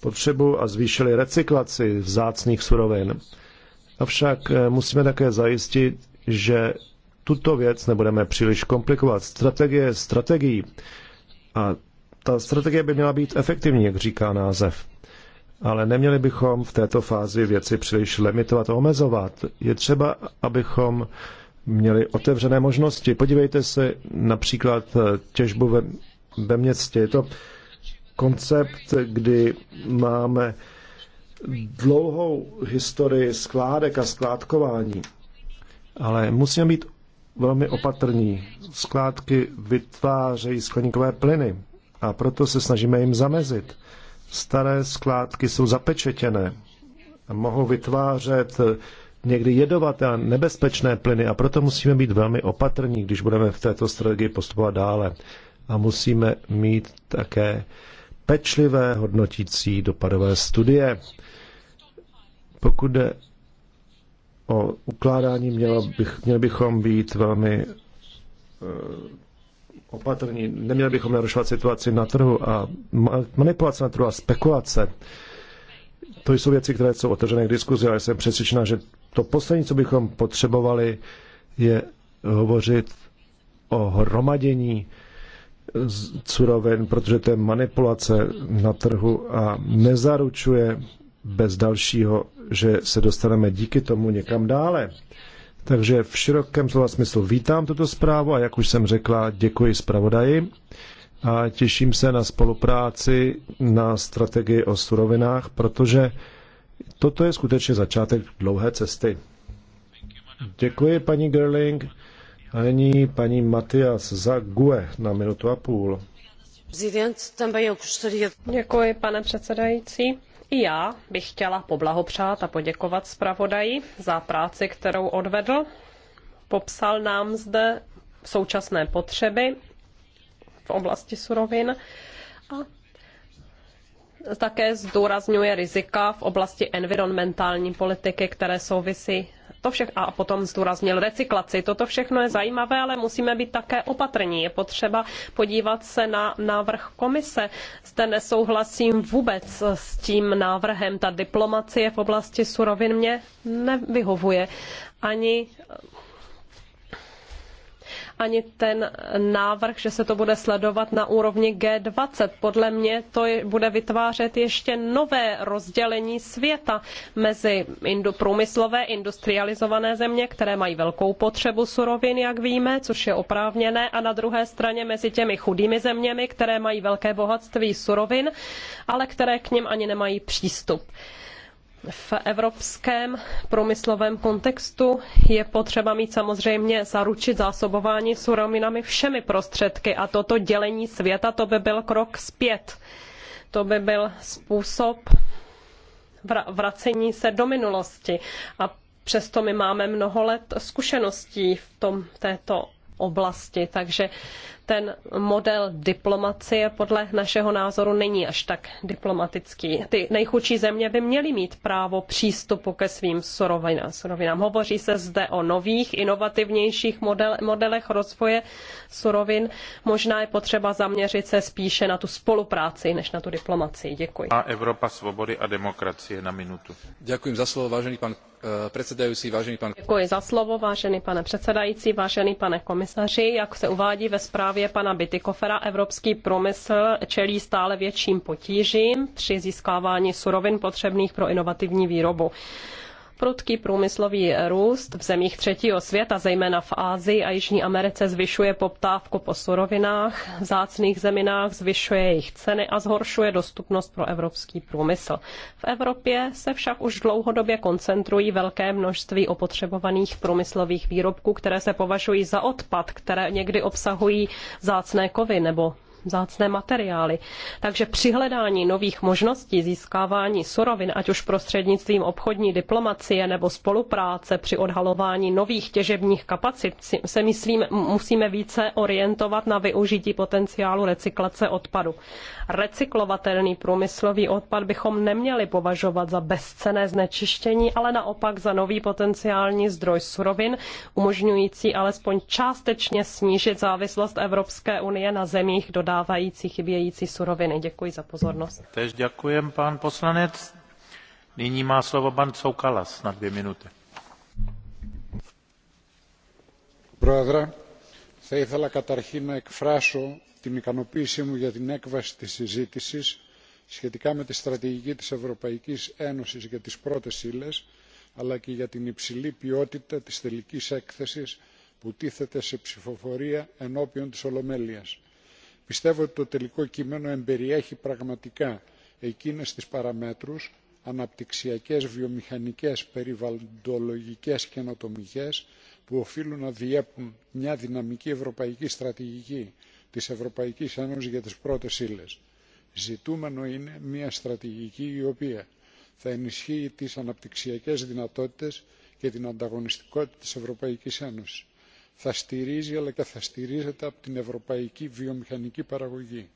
potřebu a zvýšili recyklaci vzácných surovin. Avšak eh, musíme také zajistit, že tuto věc nebudeme příliš komplikovat. Strategie je strategií a ta strategie by měla být efektivní, jak říká název ale neměli bychom v této fázi věci příliš limitovat a omezovat. Je třeba, abychom měli otevřené možnosti. Podívejte se například eh, těžbu ve, ve městě. Je to koncept, kdy máme dlouhou historii skládek a skládkování, ale musíme být velmi opatrní. Skládky vytvářejí skleníkové plyny a proto se snažíme jim zamezit staré skládky jsou zapečetěné a mohou vytvářet někdy jedovaté a nebezpečné plyny a proto musíme být velmi opatrní, když budeme v této strategii postupovat dále. A musíme mít také pečlivé hodnotící dopadové studie. Pokud jde o ukládání, mělo bych, měli bychom být velmi eh, opatrní. Neměli bychom narušovat situaci na trhu a manipulace na trhu a spekulace. To jsou věci, které jsou otevřené k diskuzi, ale jsem přesvědčena, že to poslední, co bychom potřebovali, je hovořit o hromadění surovin, protože to je manipulace na trhu a nezaručuje bez dalšího, že se dostaneme díky tomu někam dále. Takže v širokém slova smyslu vítám tuto zprávu a jak už jsem řekla, děkuji zpravodaji a těším se na spolupráci na strategii o surovinách, protože toto je skutečně začátek dlouhé cesty. Děkuji paní Gerling a nyní paní Matias za GUE na minutu a půl. Děkuji, pane předsedající i já bych chtěla poblahopřát a poděkovat zpravodaji za práci, kterou odvedl. Popsal nám zde současné potřeby v oblasti surovin a také zdůrazňuje rizika v oblasti environmentální politiky, které souvisí to všech, a potom zdůraznil recyklaci. Toto všechno je zajímavé, ale musíme být také opatrní. Je potřeba podívat se na návrh komise. Zde nesouhlasím vůbec s tím návrhem. Ta diplomacie v oblasti surovin mě nevyhovuje. Ani ani ten návrh, že se to bude sledovat na úrovni G20. Podle mě to bude vytvářet ještě nové rozdělení světa mezi indu, průmyslové, industrializované země, které mají velkou potřebu surovin, jak víme, což je oprávněné, a na druhé straně mezi těmi chudými zeměmi, které mají velké bohatství surovin, ale které k nim ani nemají přístup v evropském průmyslovém kontextu je potřeba mít samozřejmě zaručit zásobování surovinami všemi prostředky a toto dělení světa, to by byl krok zpět. To by byl způsob vracení se do minulosti a přesto my máme mnoho let zkušeností v tom, této oblasti, takže ten model diplomacie podle našeho názoru není až tak diplomatický. Ty nejchudší země by měly mít právo přístupu ke svým surovinám. Hovoří se zde o nových, inovativnějších model, modelech rozvoje surovin. Možná je potřeba zaměřit se spíše na tu spolupráci, než na tu diplomaci. Děkuji. A Evropa svobody a demokracie na minutu. Děkuji za slovo, vážený pan eh, předsedající, vážený pan... Děkuji za slovo, vážený pane předsedající, vážený pane komisaři. Jak se uvádí ve zprávě, zprávě pana Bitykofera evropský průmysl čelí stále větším potížím při získávání surovin potřebných pro inovativní výrobu. Prudký průmyslový růst v zemích třetího světa, zejména v Ázii a Jižní Americe, zvyšuje poptávku po surovinách, zácných zeminách, zvyšuje jejich ceny a zhoršuje dostupnost pro evropský průmysl. V Evropě se však už dlouhodobě koncentrují velké množství opotřebovaných průmyslových výrobků, které se považují za odpad, které někdy obsahují zácné kovy nebo vzácné materiály. Takže při hledání nových možností získávání surovin, ať už prostřednictvím obchodní diplomacie nebo spolupráce při odhalování nových těžebních kapacit, se myslím, musíme více orientovat na využití potenciálu recyklace odpadu. Recyklovatelný průmyslový odpad bychom neměli považovat za bezcené znečištění, ale naopak za nový potenciální zdroj surovin, umožňující alespoň částečně snížit závislost Evropské unie na zemích do dodávající chybějící suroviny. Děkuji za pozornost. Tež děkujem, pan poslanec. Nyní má slovo pan Soukalas na dvě minuty. Πρόεδρε, θα ήθελα καταρχήν να εκφράσω την ικανοποίησή μου για την έκβαση της συζήτησης σχετικά με τη στρατηγική της Ευρωπαϊκής Ένωσης για τις πρώτες ύλε, αλλά και για την υψηλή ποιότητα της τελικής έκθεσης που τίθεται σε ψηφοφορία ενώπιον της Ολομέλειας πιστεύω ότι το τελικό κείμενο εμπεριέχει πραγματικά εκείνες τις παραμέτρους αναπτυξιακές, βιομηχανικές, περιβαλλοντολογικές και ανατομικές που οφείλουν να διέπουν μια δυναμική ευρωπαϊκή στρατηγική της Ευρωπαϊκής Ένωσης για τις πρώτες ύλες. Ζητούμενο είναι μια στρατηγική η οποία θα ενισχύει τις αναπτυξιακές δυνατότητες και την ανταγωνιστικότητα της Ευρωπαϊκής Ένωσης θα στηρίζει αλλά και θα στηρίζεται από την ευρωπαϊκή βιομηχανική παραγωγή.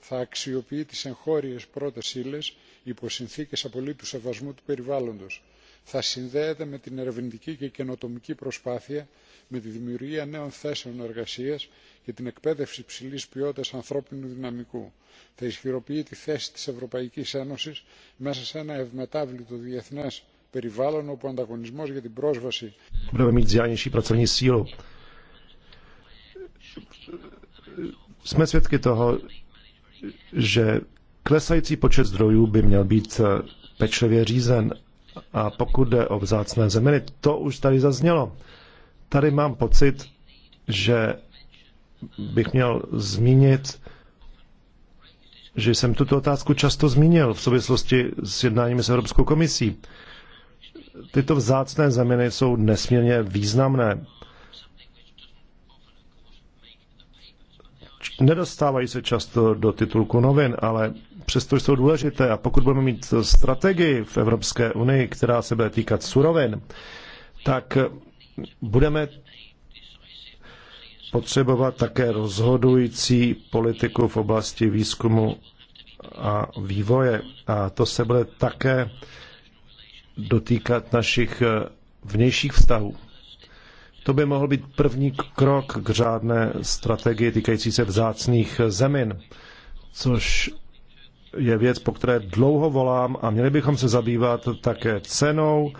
Θα αξιοποιεί τις εγχώριες πρώτες ύλες υπό συνθήκες απολύτου σεβασμού του περιβάλλοντος. Θα συνδέεται με την ερευνητική και καινοτομική προσπάθεια, με τη δημιουργία νέων θέσεων εργασίας και την εκπαίδευση υψηλής ποιότητας ανθρώπινου δυναμικού. Θα ισχυροποιεί τη θέση της Ευρωπαϊκής Ένωσης μέσα σε ένα ευμετάβλητο διεθνές περιβάλλον όπου ο ανταγωνισμός για την πρόσβαση... Budeme mít pracovní sílu jsme svědky toho, že klesající počet zdrojů by měl být eh, pečlivě řízen. A pokud jde o vzácné zeminy, to už tady zaznělo. Tady mám pocit, že bych měl zmínit, že jsem tuto otázku často zmínil v souvislosti s jednáními s Evropskou komisí. Tyto vzácné zeminy jsou nesmírně významné nedostávají se často do titulku novin, ale přesto jsou důležité. A pokud budeme mít strategii v Evropské unii, která se bude týkat surovin, tak budeme potřebovat také rozhodující politiku v oblasti výzkumu a vývoje. A to se bude také dotýkat našich vnějších vztahů. To by mohl být první krok k řádné strategii týkající se vzácných zemin, což je věc, po které dlouho volám a měli bychom se zabývat také cenou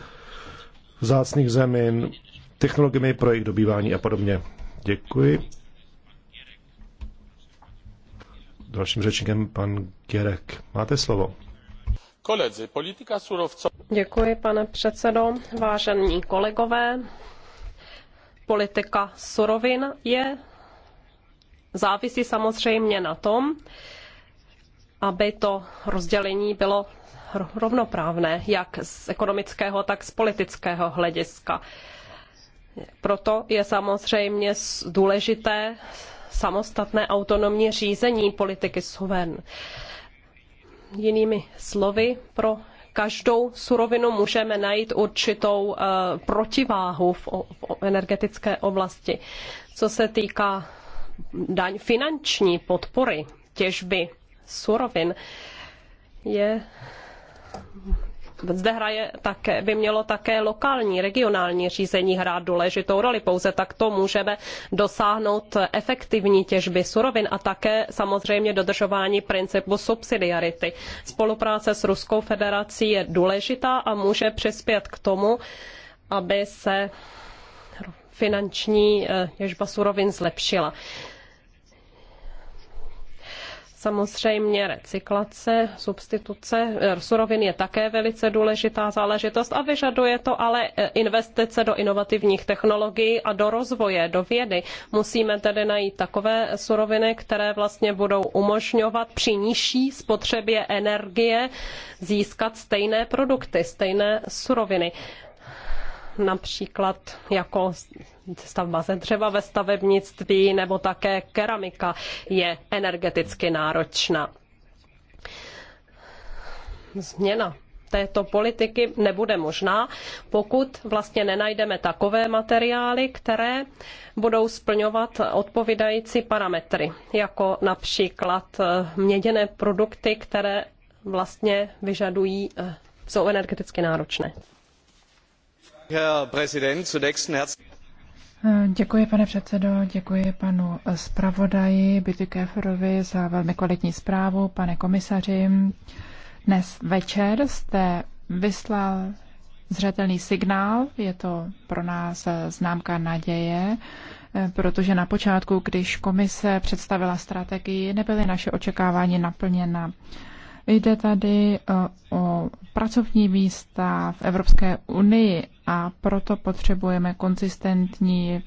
vzácných zemin, technologiemi pro jejich dobývání a podobně. Děkuji. Dalším řečníkem pan Gerek. Máte slovo. Koledzy, politika surovcová. Děkuji, pane předsedo. Vážení kolegové, politika surovin je závisí samozřejmě na tom, aby to rozdělení bylo rovnoprávné, jak z ekonomického, tak z politického hlediska. Proto je samozřejmě důležité samostatné autonomní řízení politiky suven. Jinými slovy, pro každou surovinu můžeme najít určitou eh, protiváhu v energetické oblasti. Co se týká daň finanční podpory těžby surovin, je zde hraje také, by mělo také lokální, regionální řízení hrát důležitou roli. Pouze takto můžeme dosáhnout efektivní těžby surovin a také samozřejmě dodržování principu subsidiarity. Spolupráce s Ruskou federací je důležitá a může přispět k tomu, aby se finanční eh, těžba surovin zlepšila. Samozřejmě recyklace, substituce eh, surovin je také velice důležitá záležitost a vyžaduje to ale eh, investice do inovativních technologií a do rozvoje, do vědy. Musíme tedy najít takové suroviny, které vlastně budou umožňovat při nižší spotřebě energie získat stejné produkty, stejné suroviny například jako stavba ze dřeva ve stavebnictví nebo také keramika je energeticky náročná. Změna této politiky nebude možná, pokud vlastně nenajdeme takové materiály, které budou splňovat odpovídající parametry, jako například eh, měděné produkty, které vlastně vyžadují, eh, jsou energeticky náročné. Děkuji, pane předsedo, děkuji panu zpravodaji Bitykeferovi za velmi kvalitní zprávu. Pane komisaři, dnes večer jste vyslal zřetelný signál, je to pro nás známka naděje, protože na počátku, když komise představila strategii, nebyly naše očekávání naplněna. Jde tady eh, o pracovní místa v Evropské unii a proto potřebujeme konzistentní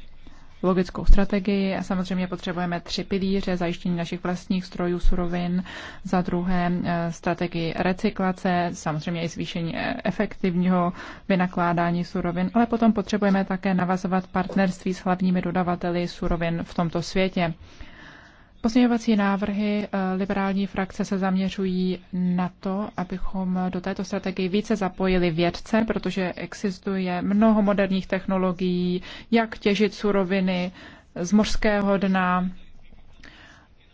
logickou strategii a samozřejmě potřebujeme tři pilíře, zajištění našich vlastních strojů, surovin, za druhé eh, strategii recyklace, samozřejmě i zvýšení eh, efektivního vynakládání surovin, ale potom potřebujeme také navazovat partnerství s hlavními dodavateli surovin v tomto světě. Pozměňovací návrhy eh, liberální frakce se zaměřují na to, abychom do této strategie více zapojili vědce, protože existuje mnoho moderních technologií, jak těžit suroviny z mořského dna.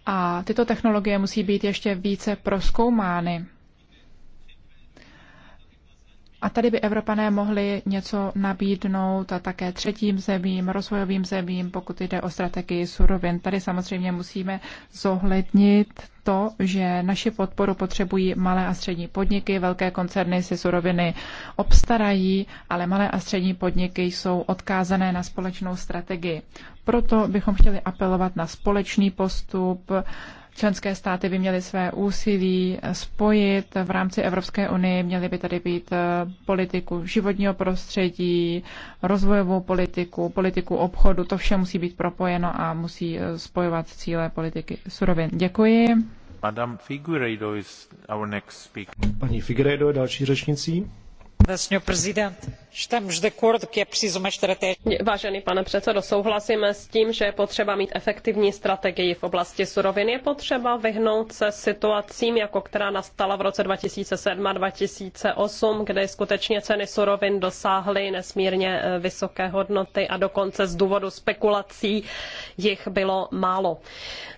A tyto technologie musí být ještě více proskoumány. A tady by Evropané mohli něco nabídnout a také třetím zemím, rozvojovým zemím, pokud jde o strategii surovin. Tady samozřejmě musíme zohlednit to, že naši podporu potřebují malé a střední podniky, velké koncerny si suroviny obstarají, ale malé a střední podniky jsou odkázané na společnou strategii. Proto bychom chtěli apelovat na společný postup, Členské státy by měly své úsilí spojit v rámci Evropské unie, měly by tady být eh, politiku životního prostředí, rozvojovou politiku, politiku obchodu, to vše musí být propojeno a musí eh, spojovat cíle politiky surovin. Děkuji. Madame Figueiredo is our next speaker. Paní Figueiredo je další řečnicí. Vážený pane předsedo, souhlasíme s tím, že je potřeba mít efektivní strategii v oblasti surovin. Je potřeba vyhnout se situacím, jako která nastala v roce 2007 a 2008, kdy skutečně ceny surovin dosáhly nesmírně eh, vysoké hodnoty a dokonce z důvodu spekulací jich bylo málo.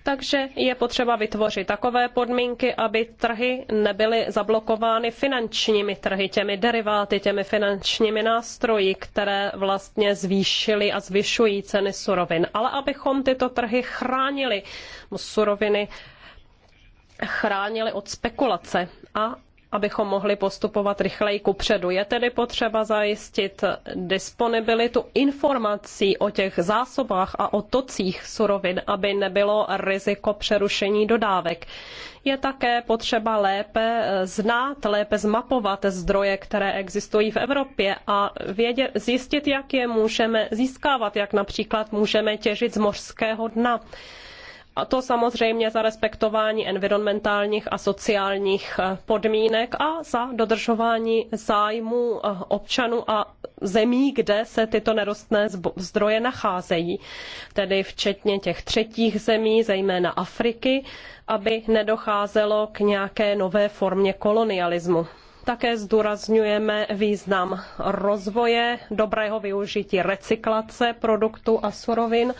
Takže je potřeba vytvořit takové podmínky, aby trhy nebyly zablokovány finančními trhy, těmi deriváty, těmi finančními nástroji, které vlastně zvýšily a zvyšují ceny surovin. Ale abychom tyto trhy chránili, suroviny chránili od spekulace a abychom mohli postupovat rychleji ku předu. Je tedy potřeba zajistit disponibilitu informací o těch zásobách a o tocích surovin, aby nebylo riziko přerušení dodávek. Je také potřeba lépe znát, lépe zmapovat zdroje, které existují v Evropě a vědět, zjistit, jak je můžeme získávat, jak například můžeme těžit z mořského dna. A to samozřejmě za respektování environmentálních a sociálních eh, podmínek a za dodržování zájmů eh, občanů a zemí, kde se tyto nerostné zdroje nacházejí, tedy včetně těch třetích zemí, zejména Afriky, aby nedocházelo k nějaké nové formě kolonialismu. Také zdůrazňujeme význam rozvoje, dobrého využití recyklace produktů a surovin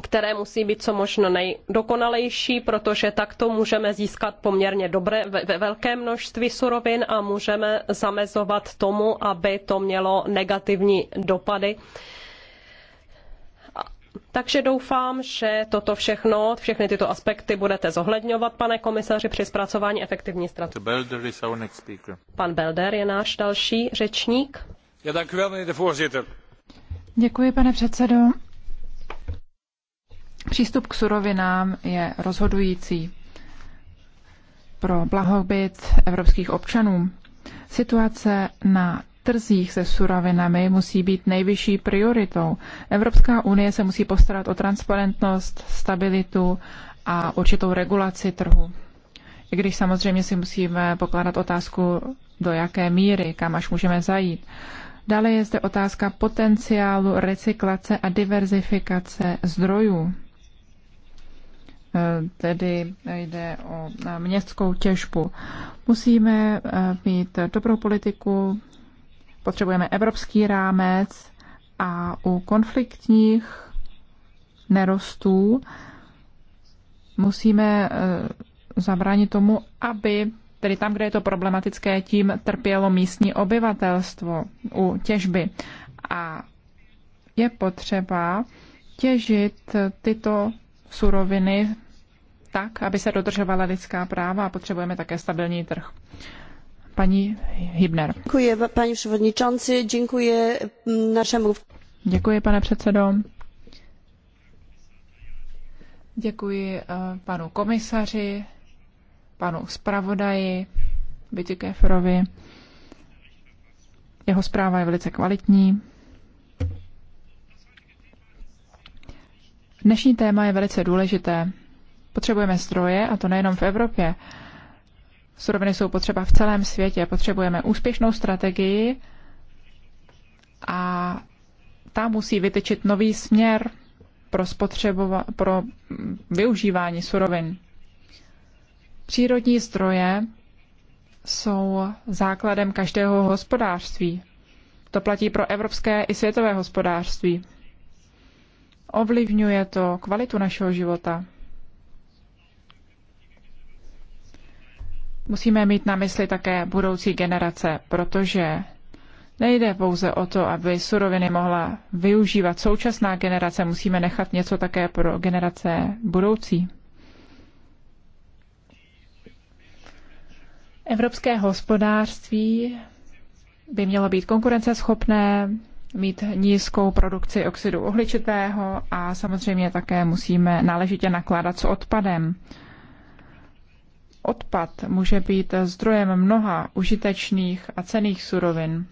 které musí být co možno nejdokonalejší, protože takto můžeme získat poměrně dobré, ve velké množství surovin a můžeme zamezovat tomu, aby to mělo negativní dopady. Takže doufám, že toto všechno, všechny tyto aspekty budete zohledňovat, pane komisaři, při zpracování efektivní strategie. Pan Belder je náš další řečník. Děkuji, pane předsedo. Přístup k surovinám je rozhodující pro blahobyt evropských občanů. Situace na trzích se surovinami musí být nejvyšší prioritou. Evropská unie se musí postarat o transparentnost, stabilitu a určitou regulaci trhu. I když samozřejmě si musíme pokládat otázku, do jaké míry, kam až můžeme zajít. Dále je zde otázka potenciálu recyklace a diverzifikace zdrojů. Eh, tedy jde o eh, městskou těžbu. Musíme eh, mít dobrou politiku, potřebujeme evropský rámec a u konfliktních nerostů musíme zabránit tomu, aby tedy tam, kde je to problematické, tím trpělo místní obyvatelstvo u těžby. A je potřeba těžit tyto suroviny tak, aby se dodržovala lidská práva a potřebujeme také stabilní trh. Paní Hibner. Děkuji, paní předsedající, děkuji našemu. Děkuji, pane předsedo. Děkuji eh, panu komisaři, panu zpravodaji Bytikeferovi. Jeho zpráva je velice kvalitní. Dnešní téma je velice důležité. Potřebujeme zdroje, a to nejenom v Evropě. Suroviny jsou potřeba v celém světě. Potřebujeme úspěšnou strategii a ta musí vytyčit nový směr pro, spotřebova- pro využívání surovin. Přírodní zdroje jsou základem každého hospodářství. To platí pro evropské i světové hospodářství. Ovlivňuje to kvalitu našeho života. Musíme mít na mysli také budoucí generace, protože nejde pouze o to, aby suroviny mohla využívat současná generace, musíme nechat něco také pro generace budoucí. Evropské hospodářství by mělo být konkurenceschopné, mít nízkou produkci oxidu uhličitého a samozřejmě také musíme náležitě nakládat s odpadem. Odpad může být zdrojem mnoha užitečných a cených surovin.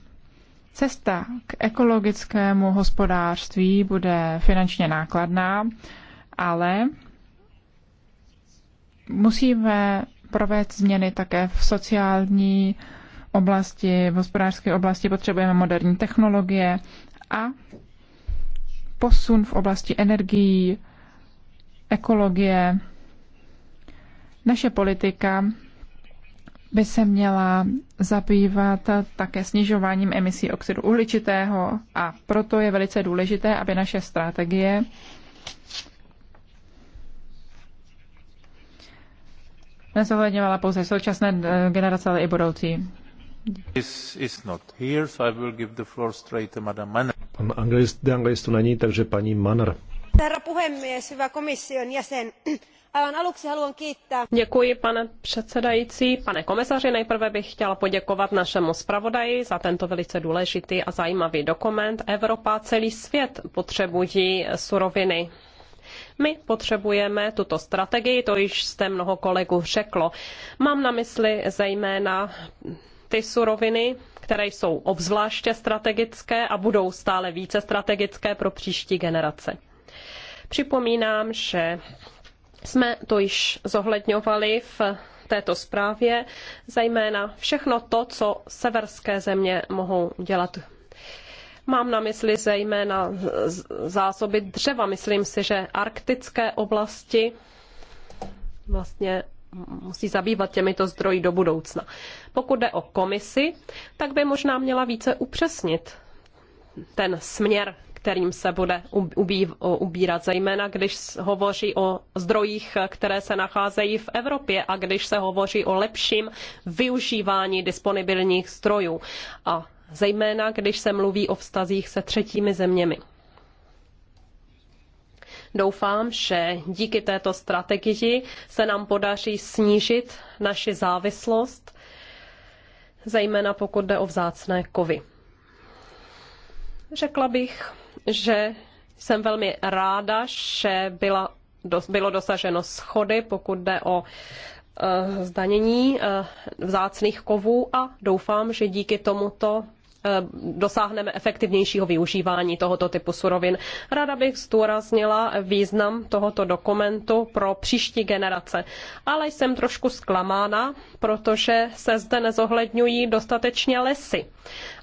Cesta k ekologickému hospodářství bude finančně nákladná, ale musíme provést změny také v sociální oblasti, v hospodářské oblasti potřebujeme moderní technologie a posun v oblasti energií, ekologie. Naše politika by se měla zabývat také snižováním emisí oxidu uhličitého a proto je velice důležité, aby naše strategie nezohledňovala pouze současné generace, ale i budoucí de takže paní Herra puhemies, hyvä komission jäsen. Aivan aluksi haluan kiittää. Děkuji, pane předsedající. Pane komisaři, nejprve bych chtěla poděkovat našemu zpravodaji za tento velice důležitý a zajímavý dokument. Evropa a celý svět potřebují suroviny my potřebujeme tuto strategii, to již jste mnoho kolegů řeklo. Mám na mysli zejména ty suroviny, které jsou obzvláště strategické a budou stále více strategické pro příští generace. Připomínám, že jsme to již zohledňovali v této zprávě, zejména všechno to, co severské země mohou dělat. Mám na mysli zejména zásoby dřeva. Myslím si, že arktické oblasti vlastně musí zabývat těmito zdroji do budoucna. Pokud jde o komisi, tak by možná měla více upřesnit ten směr, kterým se bude ubírat, zejména když hovoří o zdrojích, které se nacházejí v Evropě a když se hovoří o lepším využívání disponibilních zdrojů a zejména když se mluví o vztazích se třetími zeměmi. Doufám, že díky této strategii se nám podaří snížit naši závislost, zejména pokud jde o vzácné kovy. Řekla bych, že jsem velmi ráda, že byla, bylo dosaženo schody, pokud jde o eh, zdanění eh, vzácných kovů a doufám, že díky tomuto Eh, dosáhneme efektivnějšího využívání tohoto typu surovin. Rada bych zdůraznila význam tohoto dokumentu pro příští generace, ale jsem trošku zklamána, protože se zde nezohledňují dostatečně lesy.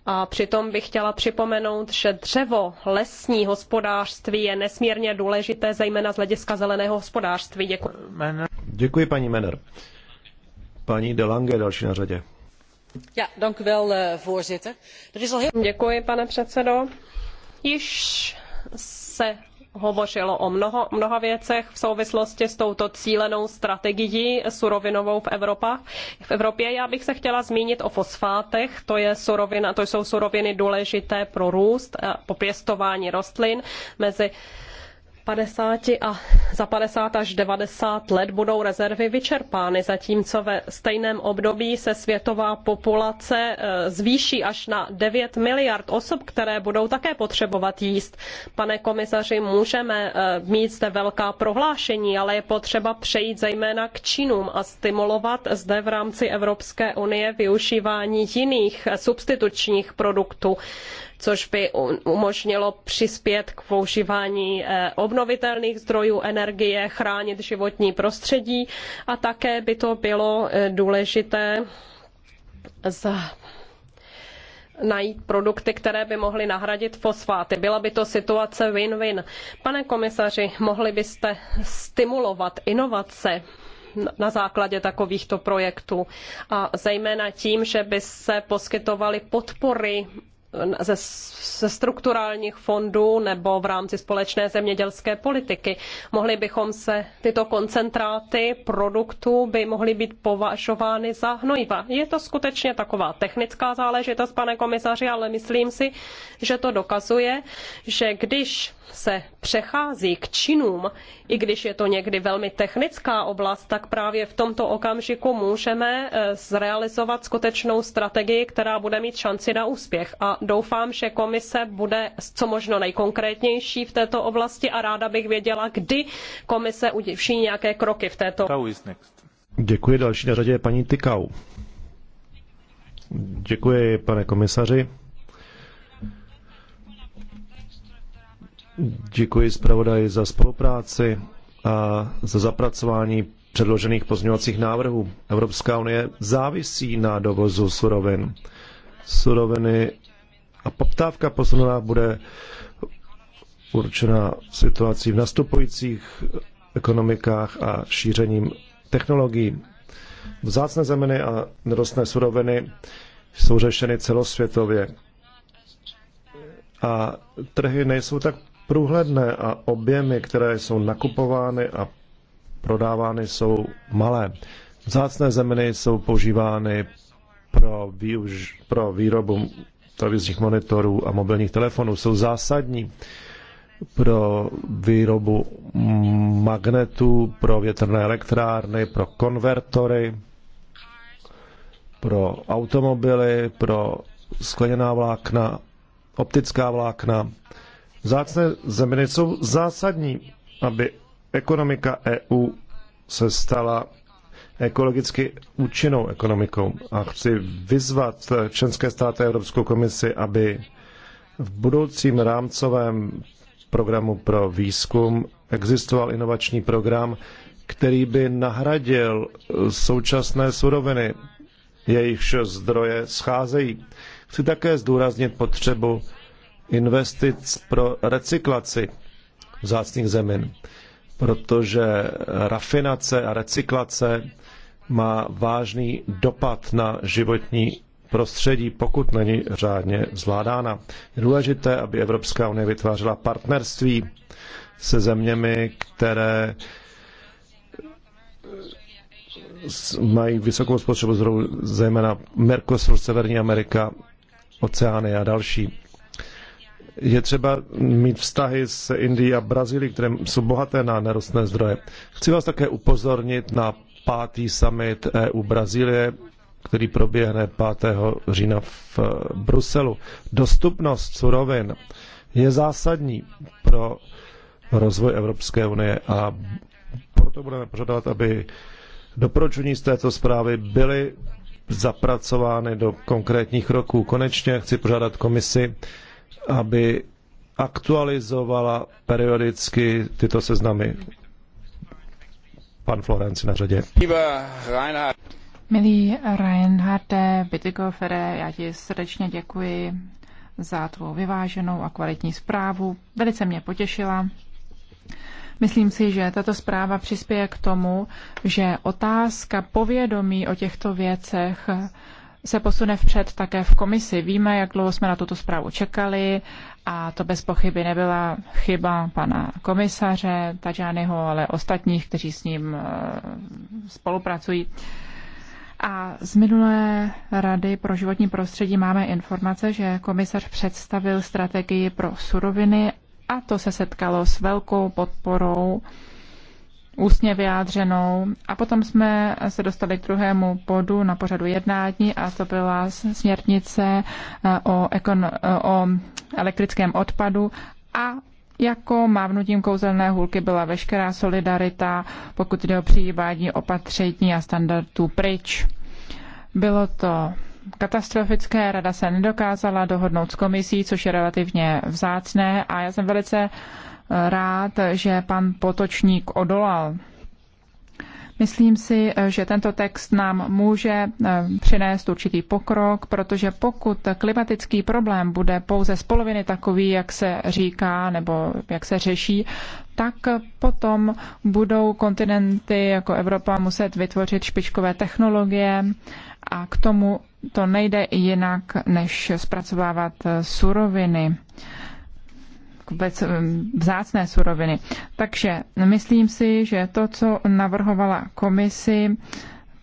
A přitom bych chtěla připomenout, že dřevo, lesní hospodářství je nesmírně důležité, zejména z hlediska zeleného hospodářství. Děkuji. Děkuji paní Mener. Paní Delange další na řadě. Eh, er Děkuji, pane předsedající Již se hovořilo o mnoha věcech v souvislosti s touto cílenou strategií surovinovou v, Evropě. Já bych se chtěla zmínit o fosfátech, to, je to jsou suroviny důležité pro růst, pro pěstování rostlin mezi 50 a za 50 až 90 let budou rezervy vyčerpány, zatímco ve stejném období se světová populace eh, zvýší až na 9 miliard osob, které budou také potřebovat jíst. Pane komisaři, můžeme eh, mít zde velká prohlášení, ale je potřeba přejít zejména k činům a stimulovat zde v rámci Evropské unie využívání jiných eh, substitučních produktů což by umožnilo přispět k používání eh, obnovitelných zdrojů energie, chránit životní prostředí a také by to bylo eh, důležité za najít produkty, které by mohly nahradit fosfáty. Byla by to situace win-win. Pane komisaři, mohli byste stimulovat inovace na základě takovýchto projektů a zejména tím, že by se poskytovaly podpory ze, ze strukturálních fondů nebo v rámci společné zemědělské politiky. Mohli bychom se tyto koncentráty produktů by mohly být považovány za hnojiva. Je to skutečně taková technická záležitost, pane komisaři, ale myslím si, že to dokazuje, že když se přechází k činům, i když je to někdy velmi technická oblast, tak právě v tomto okamžiku můžeme eh, zrealizovat skutečnou strategii, která bude mít šanci na úspěch. A doufám, že komise bude co možno nejkonkrétnější v této oblasti a ráda bych věděla, kdy komise učiní nějaké kroky v této. Děkuji, další na řadě je paní Tykau. Děkuji, pane komisaři. Děkuji zpravodaji za spolupráci a za zapracování předložených pozměňovacích návrhů. Evropská unie závisí na dovozu surovin. Suroviny a poptávka po surovinách bude určena situací v nastupujících ekonomikách a šířením technologií. Vzácné zeminy a nerostné suroviny jsou řešeny celosvětově. A trhy nejsou tak průhledné a objemy, které jsou nakupovány a prodávány, jsou malé. Vzácné zeminy jsou používány pro, výuž, pro výrobu televizních monitorů a mobilních telefonů. Jsou zásadní pro výrobu magnetů, pro větrné elektrárny, pro konvertory, pro automobily, pro skleněná vlákna, optická vlákna, Vzácné zeminy jsou zásadní, aby ekonomika EU se stala ekologicky účinnou ekonomikou. A chci vyzvat členské státy a Evropskou komisi, aby v budoucím rámcovém programu pro výzkum existoval inovační program, který by nahradil současné suroviny, jejichž zdroje scházejí. Chci také zdůraznit potřebu investic pro recyklaci vzácných zemin, protože rafinace a recyklace má vážný dopad na životní prostředí, pokud není řádně zvládána. Je důležité, aby Evropská unie vytvářela partnerství se zeměmi, které mají vysokou spotřebu zdrojů, zejména Mercosur, Severní Amerika, oceány a další je třeba mít vztahy s Indií a Brazílií, které jsou bohaté na nerostné zdroje. Chci vás také upozornit na pátý summit EU Brazílie, který proběhne 5. října v eh, Bruselu. Dostupnost surovin je zásadní pro rozvoj Evropské unie a proto budeme požadovat, aby doporučení z této zprávy byly zapracovány do konkrétních roků. Konečně chci požádat komisi, aby aktualizovala periodicky tyto seznamy. Pan Florenci na řadě. Milý Reinharde Bittigofere, já ti srdečně děkuji za tvou vyváženou a kvalitní zprávu. Velice mě potěšila. Myslím si, že tato zpráva přispěje k tomu, že otázka povědomí o těchto věcech se posune vpřed také v komisi. Víme, jak dlouho jsme na tuto zprávu čekali a to bez pochyby nebyla chyba pana komisaře Tajányho, ale ostatních, kteří s ním eh, spolupracují. A z minulé Rady pro životní prostředí máme informace, že komisař představil strategii pro suroviny a to se setkalo s velkou podporou ústně vyjádřenou. A potom jsme se dostali k druhému bodu na pořadu jednání a to byla směrnice eh, o, ekon, eh, o elektrickém odpadu a jako mávnutím kouzelné hůlky byla veškerá solidarita, pokud jde o přijímání opatření a standardů pryč. Bylo to katastrofické, rada se nedokázala dohodnout s komisí, což je relativně vzácné a já jsem velice uh, rád, že pan Potočník odolal. Myslím si, že tento text nám může eh, přinést určitý pokrok, protože pokud klimatický problém bude pouze z poloviny takový, jak se říká nebo jak se řeší, tak potom budou kontinenty jako Evropa muset vytvořit špičkové technologie a k tomu to nejde jinak, než zpracovávat suroviny vůbec vzácné suroviny. Takže myslím si, že to, co navrhovala komisi,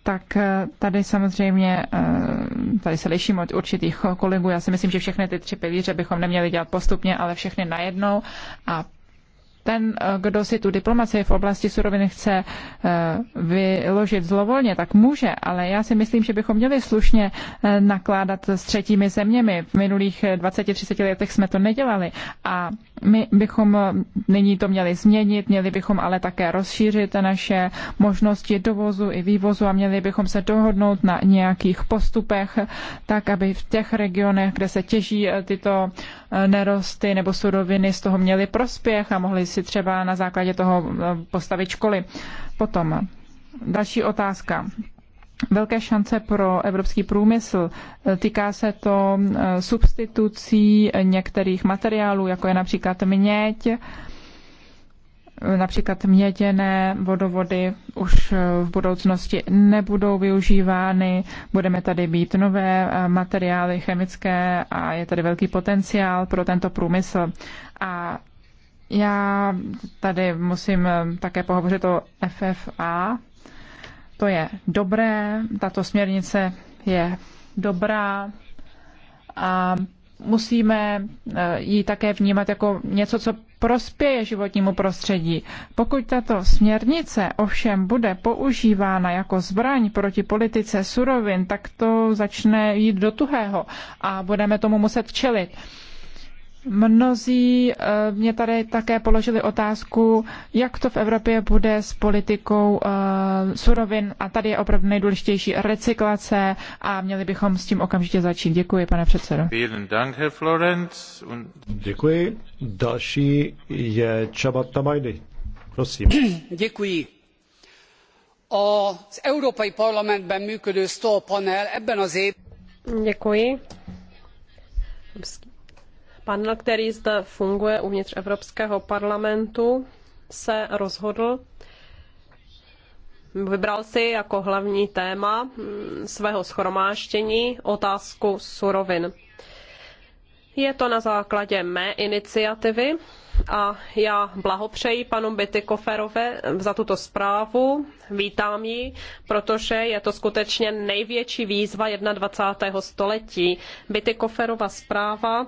tak eh, tady samozřejmě, eh, tady se liším od určitých kolegů. Já si myslím, že všechny ty tři pilíře bychom neměli dělat postupně, ale všechny najednou. A ten, eh, kdo si tu diplomaci v oblasti surovin chce eh, vyložit zlovolně, tak může, ale já si myslím, že bychom měli slušně eh, nakládat s třetími zeměmi. V minulých 20-30 letech jsme to nedělali a my bychom nyní to měli změnit, měli bychom ale také rozšířit naše možnosti dovozu i vývozu a měli bychom se dohodnout na nějakých postupech, tak aby v těch regionech, kde se těží tyto nerosty nebo suroviny, z toho měli prospěch a mohli si třeba na základě toho eh, postavit školy. Potom další otázka. Velké šance pro evropský průmysl. Eh, týká se to eh, substitucí některých materiálů, jako je například měď, například měděné vodovody už v budoucnosti nebudou využívány, budeme tady být nové materiály chemické a je tady velký potenciál pro tento průmysl. A já tady musím eh, také pohovořit o FFA. To je dobré, tato směrnice je dobrá a musíme eh, ji také vnímat jako něco, co prospěje životnímu prostředí. Pokud tato směrnice ovšem bude používána jako zbraň proti politice surovin, tak to začne jít do tuhého a budeme tomu muset čelit. Mnozí eh, mě tady také položili otázku, jak to v Evropě bude s politikou eh, surovin a tady je opravdu nejdůležitější recyklace a měli bychom s tím okamžitě začít. Děkuji, pane předsedo. Děkuji. Další je Čabat Tamajdy. Prosím. Děkuji. z Európai Parlamentben működő Stoa panel ebben az Děkuji. Panel, který zde funguje uvnitř Evropského parlamentu, se rozhodl, vybral si jako hlavní téma mm, svého schromáštění otázku surovin. Je to na základě mé iniciativy a já blahopřeji panu Bitykoferové za tuto zprávu, vítám ji, protože je to skutečně největší výzva 21. století. Bitykoferova zpráva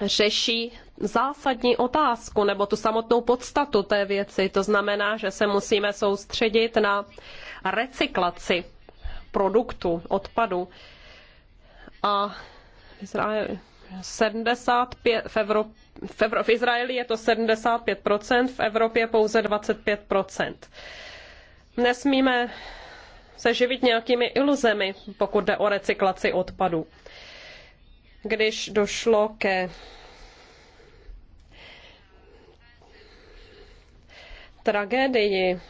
řeší zásadní otázku nebo tu samotnou podstatu té věci. To znamená, že se musíme soustředit na recyklaci produktu, odpadu. A v Izraeli 75, v, Evrop, v, v Izraeli je to 75%, v Evropě pouze 25%. Nesmíme se živit nějakými iluzemi, pokud jde o recyklaci odpadu když došlo ke tragédii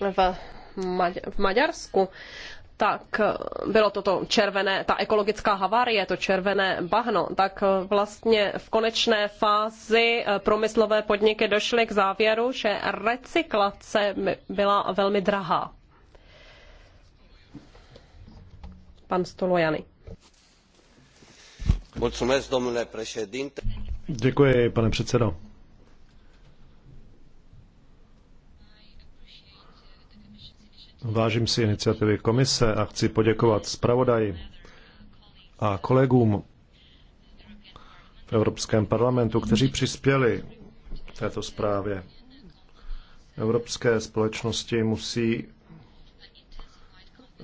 v, Maď- v Maďarsku, tak bylo to to červené, ta ekologická havárie, to červené bahno, tak vlastně v konečné fázi průmyslové podniky došly k závěru, že recyklace byla velmi drahá. Pan Stolojany. Děkuji, pane předsedo. Vážím si iniciativy komise a chci poděkovat zpravodaji a kolegům v Evropském parlamentu, kteří přispěli k této zprávě. Evropské společnosti musí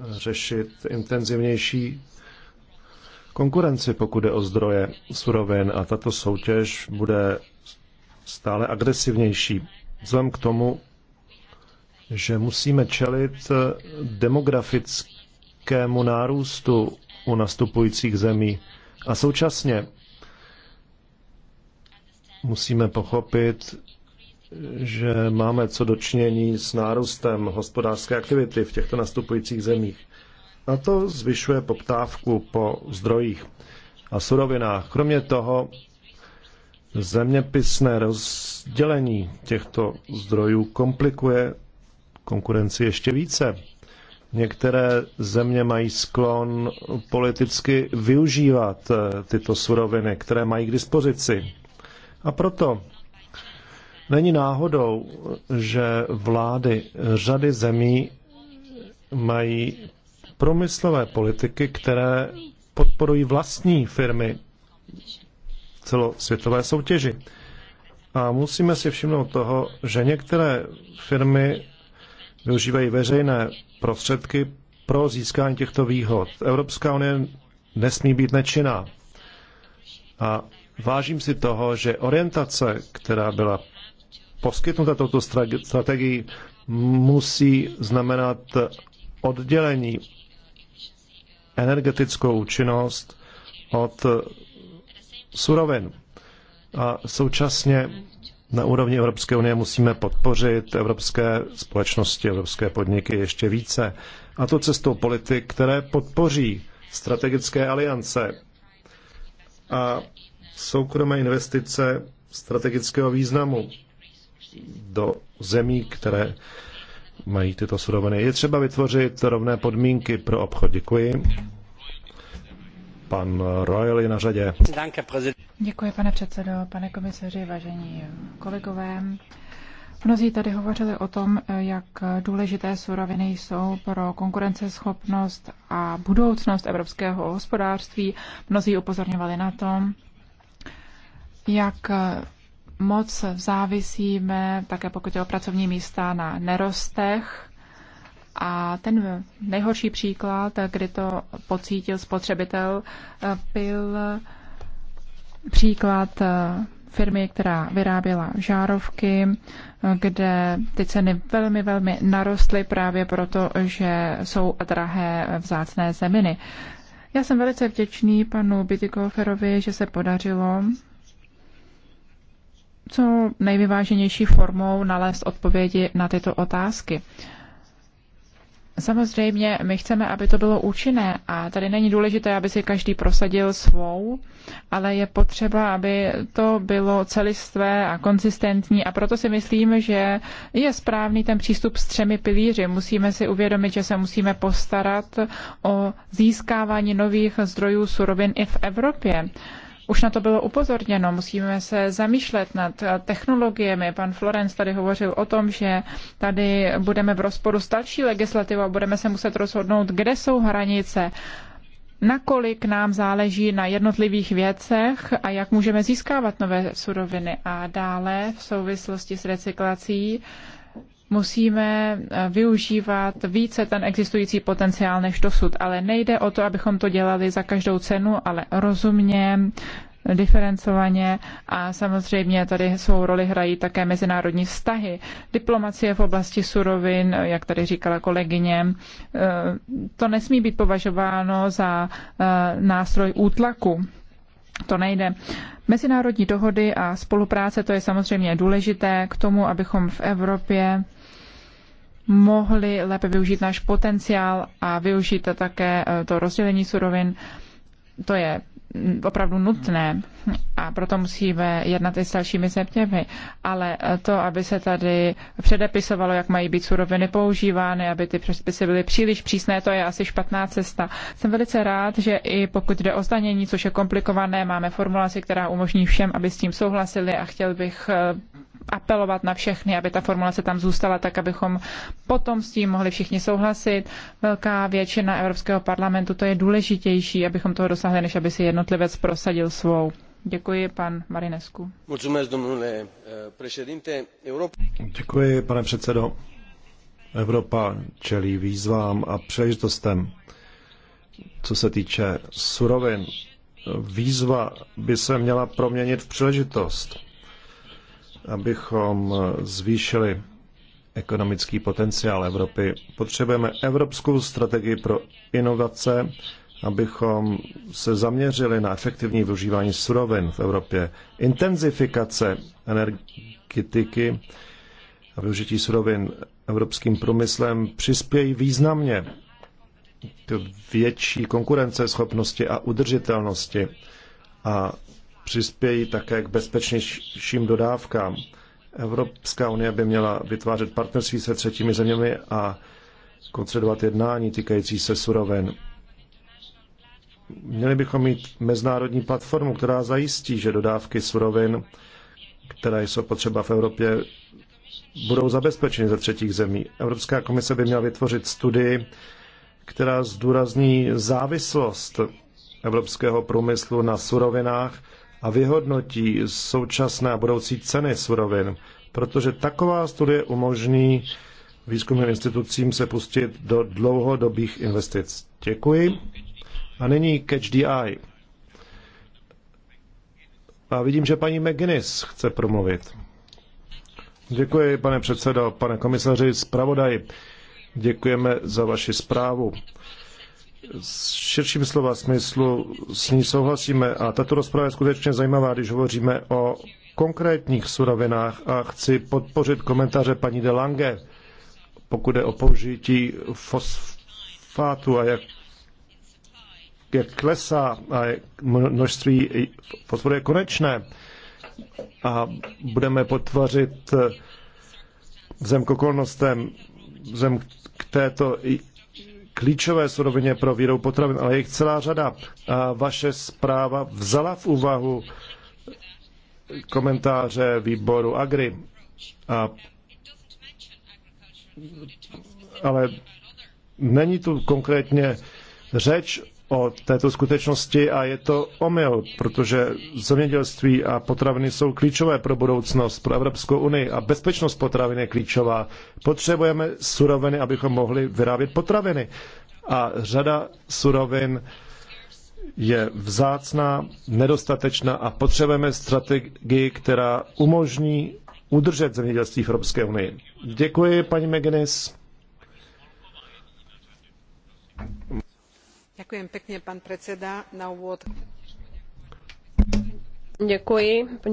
řešit intenzivnější konkurenci, pokud je o zdroje surovin a tato soutěž bude stále agresivnější. Vzhledem k tomu, že musíme čelit demografickému nárůstu u nastupujících zemí a současně musíme pochopit, že máme co dočinění s nárůstem hospodářské aktivity v těchto nastupujících zemích. A to zvyšuje poptávku po zdrojích a surovinách. Kromě toho zeměpisné rozdělení těchto zdrojů komplikuje konkurenci ještě více. Některé země mají sklon politicky využívat eh, tyto suroviny, které mají k dispozici. A proto není náhodou, že vlády řady zemí mají promyslové politiky, které podporují vlastní firmy celosvětové soutěži. A musíme si všimnout toho, že některé firmy využívají veřejné prostředky pro získání těchto výhod. Evropská unie nesmí být nečinná. A vážím si toho, že orientace, která byla poskytnuta touto strategií, musí znamenat oddělení energetickou účinnost od surovin. A současně na úrovni Evropské unie musíme podpořit evropské společnosti, evropské podniky ještě více. A to cestou politik, které podpoří strategické aliance a soukromé investice strategického významu do zemí, které mají tyto suroviny. Je třeba vytvořit rovné podmínky pro obchod. Děkuji. Pan Royal je na řadě. Děkuji, pane předsedo, pane komisaři, vážení kolegové. Mnozí tady hovořili o tom, jak důležité suroviny jsou pro konkurenceschopnost a budoucnost evropského hospodářství. Mnozí upozorňovali na tom, jak moc závisíme, také pokud je o pracovní místa, na nerostech. A ten nejhorší příklad, kdy to pocítil spotřebitel, eh, byl příklad eh, firmy, která vyráběla žárovky, eh, kde ty ceny velmi, velmi narostly právě proto, že jsou drahé vzácné zeminy. Já jsem velice vděčný panu Bitikoferovi, že se podařilo co nejvyváženější formou nalézt odpovědi na tyto otázky. Samozřejmě, my chceme, aby to bylo účinné a tady není důležité, aby si každý prosadil svou, ale je potřeba, aby to bylo celistvé a konzistentní a proto si myslím, že je správný ten přístup s třemi pilíři. Musíme si uvědomit, že se musíme postarat o získávání nových zdrojů surovin i v Evropě. Už na to bylo upozorněno, musíme se zamýšlet nad technologiemi. Pan Florenc tady hovořil o tom, že tady budeme v rozporu s další legislativou a budeme se muset rozhodnout, kde jsou hranice nakolik nám záleží na jednotlivých věcech a jak můžeme získávat nové suroviny. A dále v souvislosti s recyklací musíme eh, využívat více ten existující potenciál než dosud. Ale nejde o to, abychom to dělali za každou cenu, ale rozumně, diferencovaně a samozřejmě tady svou roli hrají také mezinárodní vztahy. Diplomacie v oblasti surovin, jak tady říkala kolegyně, eh, to nesmí být považováno za eh, nástroj útlaku. To nejde. Mezinárodní dohody a spolupráce, to je samozřejmě důležité k tomu, abychom v Evropě mohli lépe využít náš potenciál a využít také eh, to rozdělení surovin. To je opravdu nutné a proto musíme jednat i s dalšími zeměmi. Ale eh, to, aby se tady předepisovalo, jak mají být suroviny používány, aby ty předpisy byly příliš přísné, to je asi špatná cesta. Jsem velice rád, že i pokud jde o zdanění, což je komplikované, máme formulaci, která umožní všem, aby s tím souhlasili a chtěl bych eh, apelovat na všechny, aby ta formulace tam zůstala tak, abychom potom s tím mohli všichni souhlasit. Velká většina Evropského parlamentu to je důležitější, abychom toho dosáhli, než aby si jednotlivec prosadil svou. Děkuji, pan Marinescu. Eh, Děkuji, pane předsedo. Evropa čelí výzvám a příležitostem. Co se týče surovin, výzva by se měla proměnit v příležitost abychom zvýšili ekonomický potenciál Evropy. Potřebujeme evropskou strategii pro inovace, abychom se zaměřili na efektivní využívání surovin v Evropě, intenzifikace energetiky a využití surovin evropským průmyslem přispějí významně k větší konkurenceschopnosti a udržitelnosti a přispějí také k bezpečnějším dodávkám. Evropská unie by měla vytvářet partnerství se třetími zeměmi a koncentrovat jednání týkající se surovin. Měli bychom mít mezinárodní platformu, která zajistí, že dodávky surovin, které jsou potřeba v Evropě, budou zabezpečeny ze třetích zemí. Evropská komise by měla vytvořit studii, která zdůrazní závislost evropského průmyslu na surovinách a vyhodnotí současné a budoucí ceny surovin, protože taková studie umožní výzkumným institucím se pustit do dlouhodobých investic. Děkuji. A nyní Catch the Eye. A vidím, že paní McGuinness chce promluvit. Děkuji, pane předsedo, pane komisaři, zpravodaji. Děkujeme za vaši zprávu s širším slova smyslu s ní souhlasíme a tato rozprava je skutečně zajímavá, když hovoříme o konkrétních surovinách a chci podpořit komentáře paní de Lange, pokud je o použití fosfátu a jak, jak klesá a jak množství fosforu je konečné. A budeme potvařit eh, vzem k okolnostem, vzem k této klíčové surovině pro výrobu potravin, ale je jich celá řada. A vaše zpráva vzala v úvahu komentáře výboru Agri. A, ale není tu konkrétně řeč o této skutečnosti a je to omyl, protože zemědělství a potraviny jsou klíčové pro budoucnost, pro Evropskou unii a bezpečnost potravin je klíčová. Potřebujeme suroviny, abychom mohli vyrábět potraviny. A řada surovin je vzácná, nedostatečná a potřebujeme strategii, která umožní udržet zemědělství v Evropské unii. Děkuji, paní McGuinness. Děkuji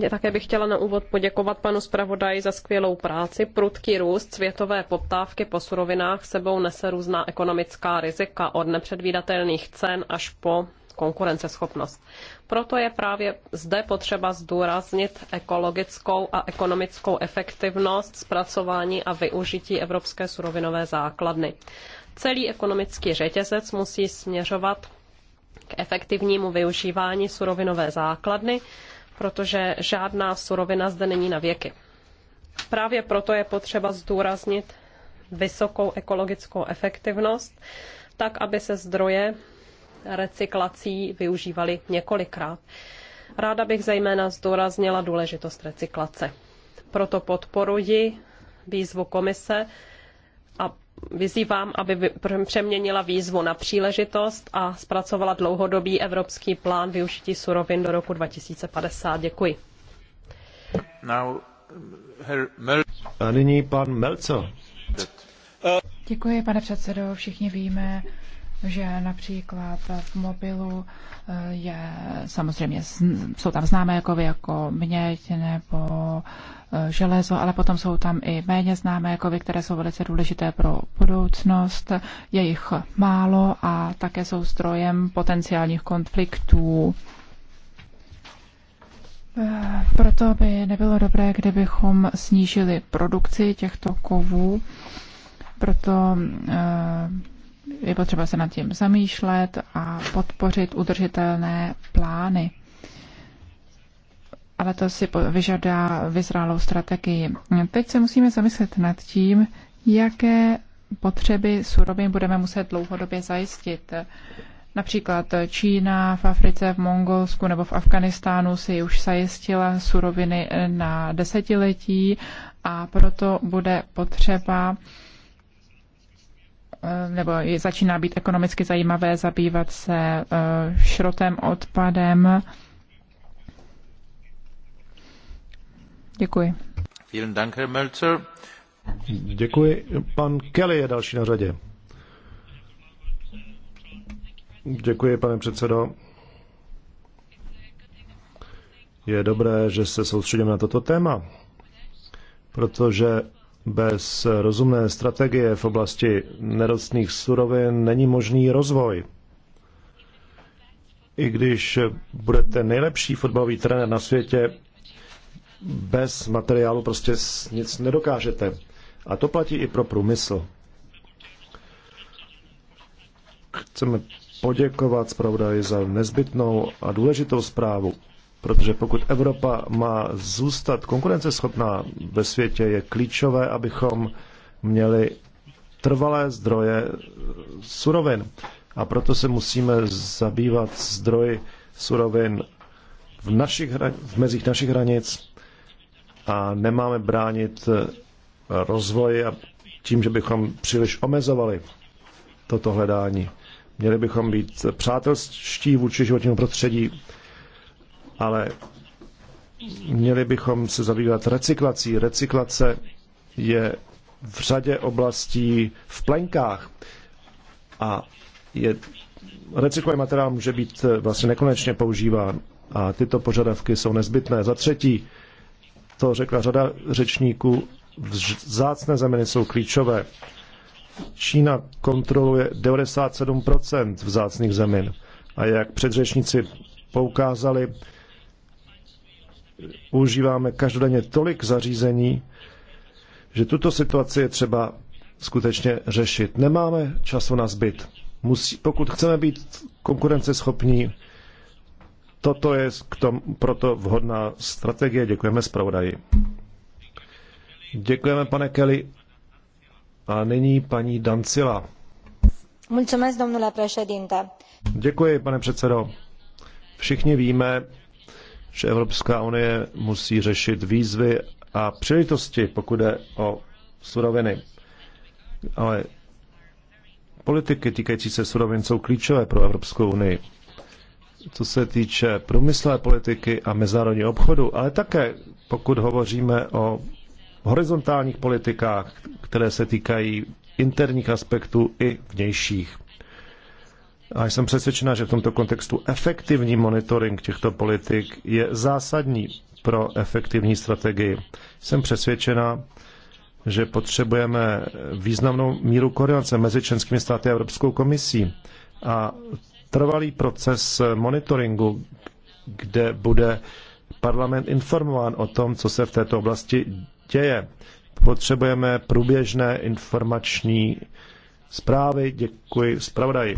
Také bych chtěla na úvod poděkovat panu zpravodaji za skvělou práci. Prudký růst světové poptávky po surovinách sebou nese různá ekonomická rizika od nepředvídatelných cen až po konkurenceschopnost. Proto je právě zde potřeba zdůraznit ekologickou a ekonomickou efektivnost zpracování a využití evropské surovinové základny. Celý ekonomický řetězec musí směřovat k efektivnímu využívání surovinové základny, protože žádná surovina zde není na věky. Právě proto je potřeba zdůraznit vysokou ekologickou efektivnost, tak aby se zdroje recyklací využívaly několikrát. Ráda bych zejména zdůraznila důležitost recyklace. Proto podporuji výzvu komise vyzývám, aby přeměnila výzvu na příležitost a zpracovala dlouhodobý evropský plán využití surovin do roku 2050. Děkuji. Now, a nyní pan Melco. Děkuji, pane předsedo. Všichni víme, že například v mobilu eh, je samozřejmě, jsou tam známé kovy jako měď nebo eh, železo, ale potom jsou tam i méně známé kovy, které jsou velice důležité pro budoucnost. Je jich málo a také jsou strojem potenciálních konfliktů. Eh, proto by nebylo dobré, kdybychom snížili produkci těchto kovů. Proto je potřeba se nad tím zamýšlet a podpořit udržitelné plány. Ale to si vyžadá vyzrálou strategii. Teď se musíme zamyslet nad tím, jaké potřeby surovin budeme muset dlouhodobě zajistit. Například Čína v Africe, v Mongolsku nebo v Afganistánu si už zajistila suroviny na desetiletí a proto bude potřeba Eh, nebo je začíná být ekonomicky zajímavé zabývat se eh, šrotem, odpadem. Děkuji. Vielen Dank, Herr Děkuji. Pan Kelly je další na řadě. Děkuji, pane předsedo. Je dobré, že se soustředíme na toto téma, protože bez rozumné strategie v oblasti nerostných surovin není možný rozvoj. I když budete nejlepší fotbalový trenér na světě, bez materiálu prostě nic nedokážete. A to platí i pro průmysl. Chceme poděkovat zpravodaji za nezbytnou a důležitou zprávu. Protože pokud Evropa má zůstat konkurenceschopná ve světě, je klíčové, abychom měli trvalé zdroje surovin. A proto se musíme zabývat zdroji surovin v, našich, v mezích našich hranic a nemáme bránit eh, rozvoji a tím, že bychom příliš omezovali toto hledání. Měli bychom být přátelští vůči životnímu prostředí ale měli bychom se zabývat recyklací. Recyklace je v řadě oblastí v plenkách a je, recyklovaný materiál může být eh, vlastně nekonečně používán a tyto požadavky jsou nezbytné. Za třetí, to řekla řada řečníků, vzácné zeminy jsou klíčové. Čína kontroluje 97% vzácných zemin. A jak předřečníci poukázali, používáme každodenně tolik zařízení, že tuto situaci je třeba skutečně řešit. Nemáme času na zbyt. Musí, pokud chceme být konkurenceschopní, toto je k tom, proto vhodná strategie. Děkujeme zpravodaji. Děkujeme, pane Kelly. A nyní paní Dancila. Mulțumesc, domnule președinte. Děkuji, pane předsedo. Všichni víme, že Evropská unie musí řešit výzvy a příležitosti, pokud jde o suroviny. Ale politiky týkající se surovin jsou klíčové pro Evropskou unii. Co se týče průmyslové politiky a mezinárodního obchodu, ale také pokud hovoříme o horizontálních politikách, které se týkají interních aspektů i vnějších. A jsem přesvědčena, že v tomto kontextu efektivní monitoring těchto politik je zásadní pro efektivní strategii. Jsem přesvědčena, že potřebujeme významnou míru koordinace mezi členskými státy a Evropskou komisí a trvalý proces monitoringu, kde bude parlament informován o tom, co se v této oblasti děje. Potřebujeme průběžné informační zprávy. Děkuji zpravodaji.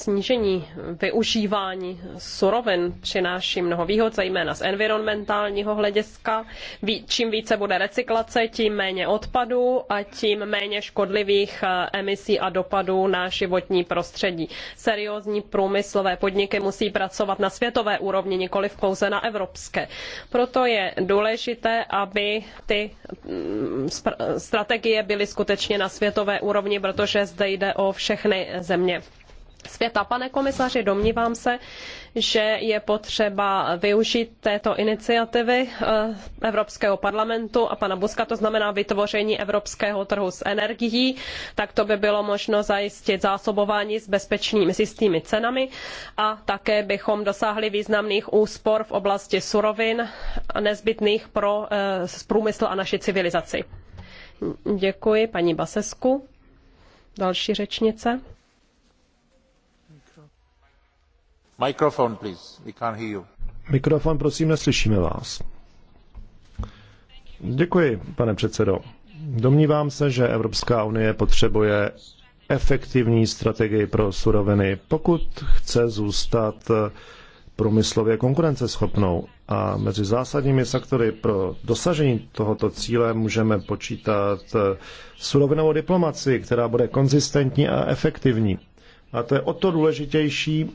snížení využívání surovin přináší mnoho výhod, zejména z environmentálního hlediska. Čím více bude recyklace, tím méně odpadů a tím méně škodlivých eh, emisí a dopadů na životní prostředí. Seriózní průmyslové podniky musí pracovat na světové úrovni, nikoli pouze na evropské. Proto je důležité, aby ty mm, strategie byly skutečně na světové úrovni, protože zde jde o všechny země světa. Pane komisaři, domnívám se, že je potřeba využít této iniciativy eh, Evropského parlamentu a pana Buska, to znamená vytvoření evropského trhu s energií, tak to by bylo možno zajistit zásobování s bezpečnými s jistými cenami a také bychom dosáhli významných úspor v oblasti surovin nezbytných pro eh, průmysl a naši civilizaci. Děkuji paní Basesku. Další řečnice. Mikrofon, please. We can't hear you. Mikrofon, prosím, neslyšíme vás. Děkuji, pane předsedo. Domnívám se, že Evropská unie potřebuje efektivní strategii pro suroviny, pokud chce zůstat průmyslově konkurenceschopnou. A mezi zásadními sektory pro dosažení tohoto cíle můžeme počítat surovinovou diplomaci, která bude konzistentní a efektivní. A to je o to důležitější,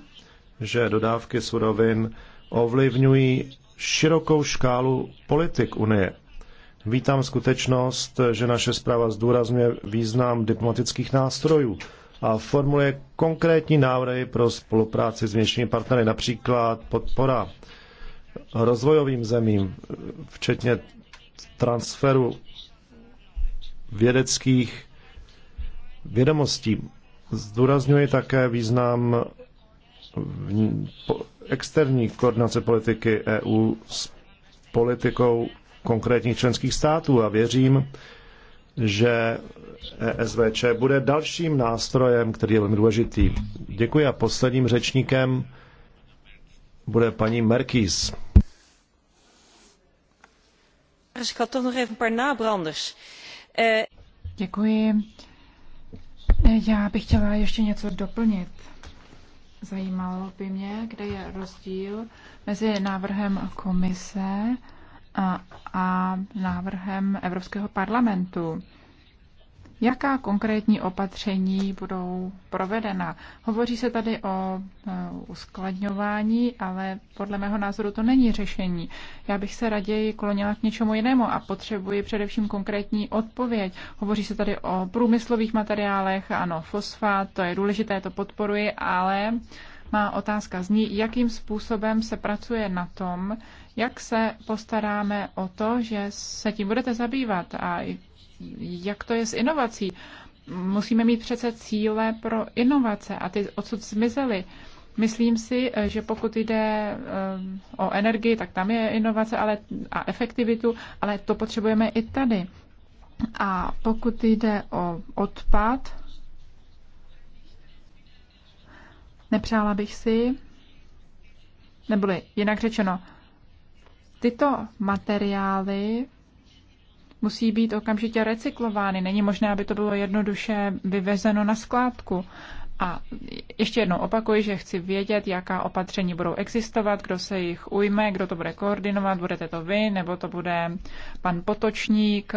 že dodávky surovin ovlivňují širokou škálu politik Unie. Vítám skutečnost, že naše zpráva zdůrazňuje význam diplomatických nástrojů a formuluje konkrétní návrhy pro spolupráci s vnějšími partnery, například podpora rozvojovým zemím, včetně transferu vědeckých vědomostí. Zdůrazňuje také význam externí koordinace politiky EU s politikou konkrétních členských států a věřím, že ESVČ bude dalším nástrojem, který je velmi důležitý. Děkuji a posledním řečníkem bude paní Merkis. Er eh, Děkuji. Já bych chtěla ještě něco doplnit. Zajímalo by mě, kde je rozdíl mezi návrhem komise a, a návrhem Evropského parlamentu. Jaká konkrétní opatření budou provedena? Hovoří se tady o e, uskladňování, ale podle mého názoru to není řešení. Já bych se raději klonila k něčemu jinému a potřebuji především konkrétní odpověď. Hovoří se tady o průmyslových materiálech, ano, fosfát, to je důležité, to podporuji, ale má otázka zní, jakým způsobem se pracuje na tom, jak se postaráme o to, že se tím budete zabývat a jak to je s inovací. Musíme mít přece cíle pro inovace a ty odsud zmizely. Myslím si, eh, že pokud jde eh, o energii, tak tam je inovace ale, a efektivitu, ale to potřebujeme i tady. A pokud jde o odpad, nepřála bych si, neboli jinak řečeno, tyto materiály musí být okamžitě recyklovány. Není možné, aby to bylo jednoduše vyvezeno na skládku. A ještě jednou opakuji, že chci vědět, jaká opatření budou existovat, kdo se jich ujme, kdo to bude koordinovat, budete to vy, nebo to bude pan Potočník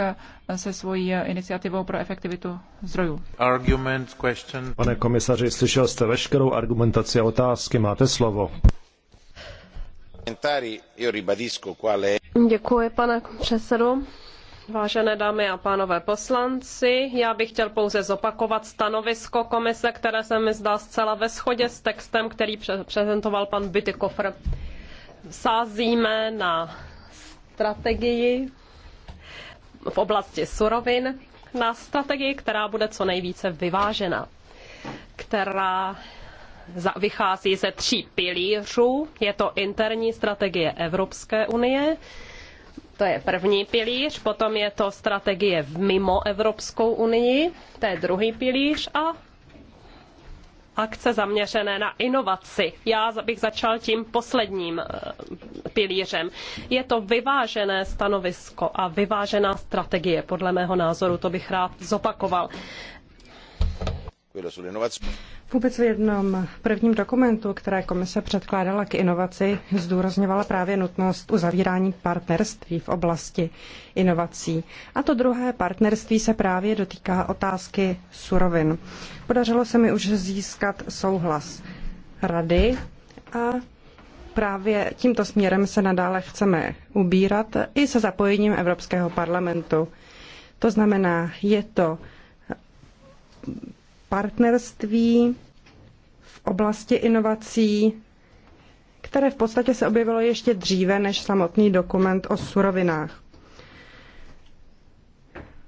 se svojí iniciativou pro efektivitu zdrojů. Argument, question. Pane komisaři, slyšel jste veškerou argumentaci a otázky, máte slovo. Děkuji, pane předsedo. Vážené dámy a pánové poslanci, já bych chtěl pouze zopakovat stanovisko komise, které se mi zdá zcela ve shodě s textem, který prezentoval pan Bytykofr. Sázíme na strategii v oblasti surovin, na strategii, která bude co nejvíce vyvážena, která vychází ze tří pilířů. Je to interní strategie Evropské unie, to je první pilíř, potom je to strategie mimo Evropskou unii, to je druhý pilíř a akce zaměřené na inovaci. Já bych začal tím posledním eh, pilířem. Je to vyvážené stanovisko a vyvážená strategie. Podle mého názoru to bych rád zopakoval. Vůbec v jednom prvním dokumentu, které komise předkládala k inovaci, zdůrazňovala právě nutnost uzavírání partnerství v oblasti inovací. A to druhé partnerství se právě dotýká otázky surovin. Podařilo se mi už získat souhlas rady a právě tímto směrem se nadále chceme ubírat i se zapojením Evropského parlamentu. To znamená, je to partnerství v oblasti inovací, které v podstatě se objevilo ještě dříve než samotný dokument o surovinách.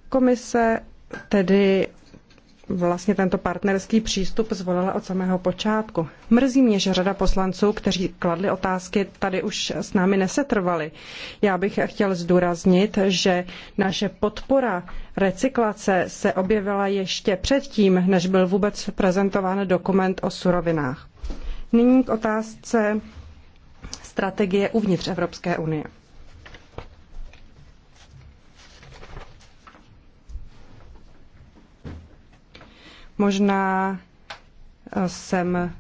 Komise tedy vlastně tento partnerský přístup zvolila od samého počátku. Mrzí mě, že řada poslanců, kteří kladli otázky, tady už s námi nesetrvali. Já bych chtěl zdůraznit, že naše podpora recyklace se objevila ještě předtím, než byl vůbec prezentován dokument o surovinách. Nyní k otázce strategie uvnitř Evropské unie. Možná eh, jsem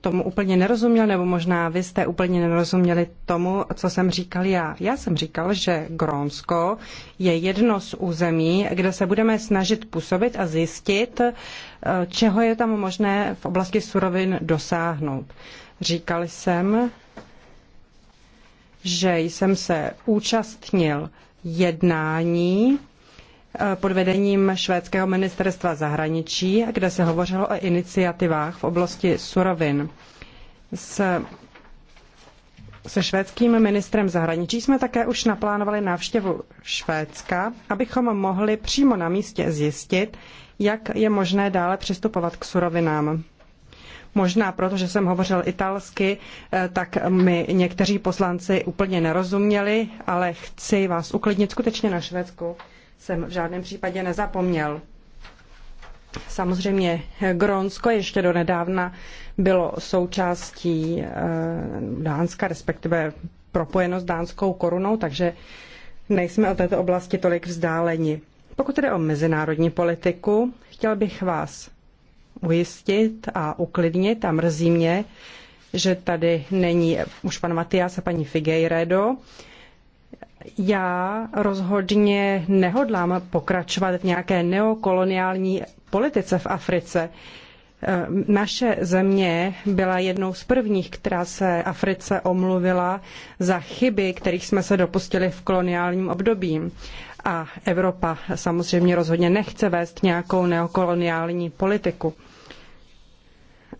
tomu úplně nerozuměl, nebo možná vy jste úplně nerozuměli tomu, co jsem říkal já. Já jsem říkal, že Grónsko je jedno z území, kde se budeme snažit působit a zjistit, eh, čeho je tam možné v oblasti surovin dosáhnout. Říkal jsem, že jsem se účastnil jednání Eh, pod vedením švédského ministerstva zahraničí, kde se hovořilo o iniciativách v oblasti surovin. S se švédským ministrem zahraničí jsme také už naplánovali návštěvu Švédska, abychom mohli přímo na místě zjistit, jak je možné dále přistupovat k surovinám. Možná proto, že jsem hovořil italsky, eh, tak mi někteří poslanci úplně nerozuměli, ale chci vás uklidnit skutečně na Švédsku jsem v žádném případě nezapomněl. Samozřejmě Grónsko ještě do nedávna bylo součástí eh, Dánska, respektive propojeno s dánskou korunou, takže nejsme od této oblasti tolik vzdáleni. Pokud jde o mezinárodní politiku, chtěl bych vás ujistit a uklidnit a mrzí mě, že tady není už pan Matias a paní Figueiredo, já rozhodně nehodlám pokračovat v nějaké neokoloniální politice v Africe. E, naše země byla jednou z prvních, která se Africe omluvila za chyby, kterých jsme se dopustili v koloniálním období. A Evropa samozřejmě rozhodně nechce vést nějakou neokoloniální politiku.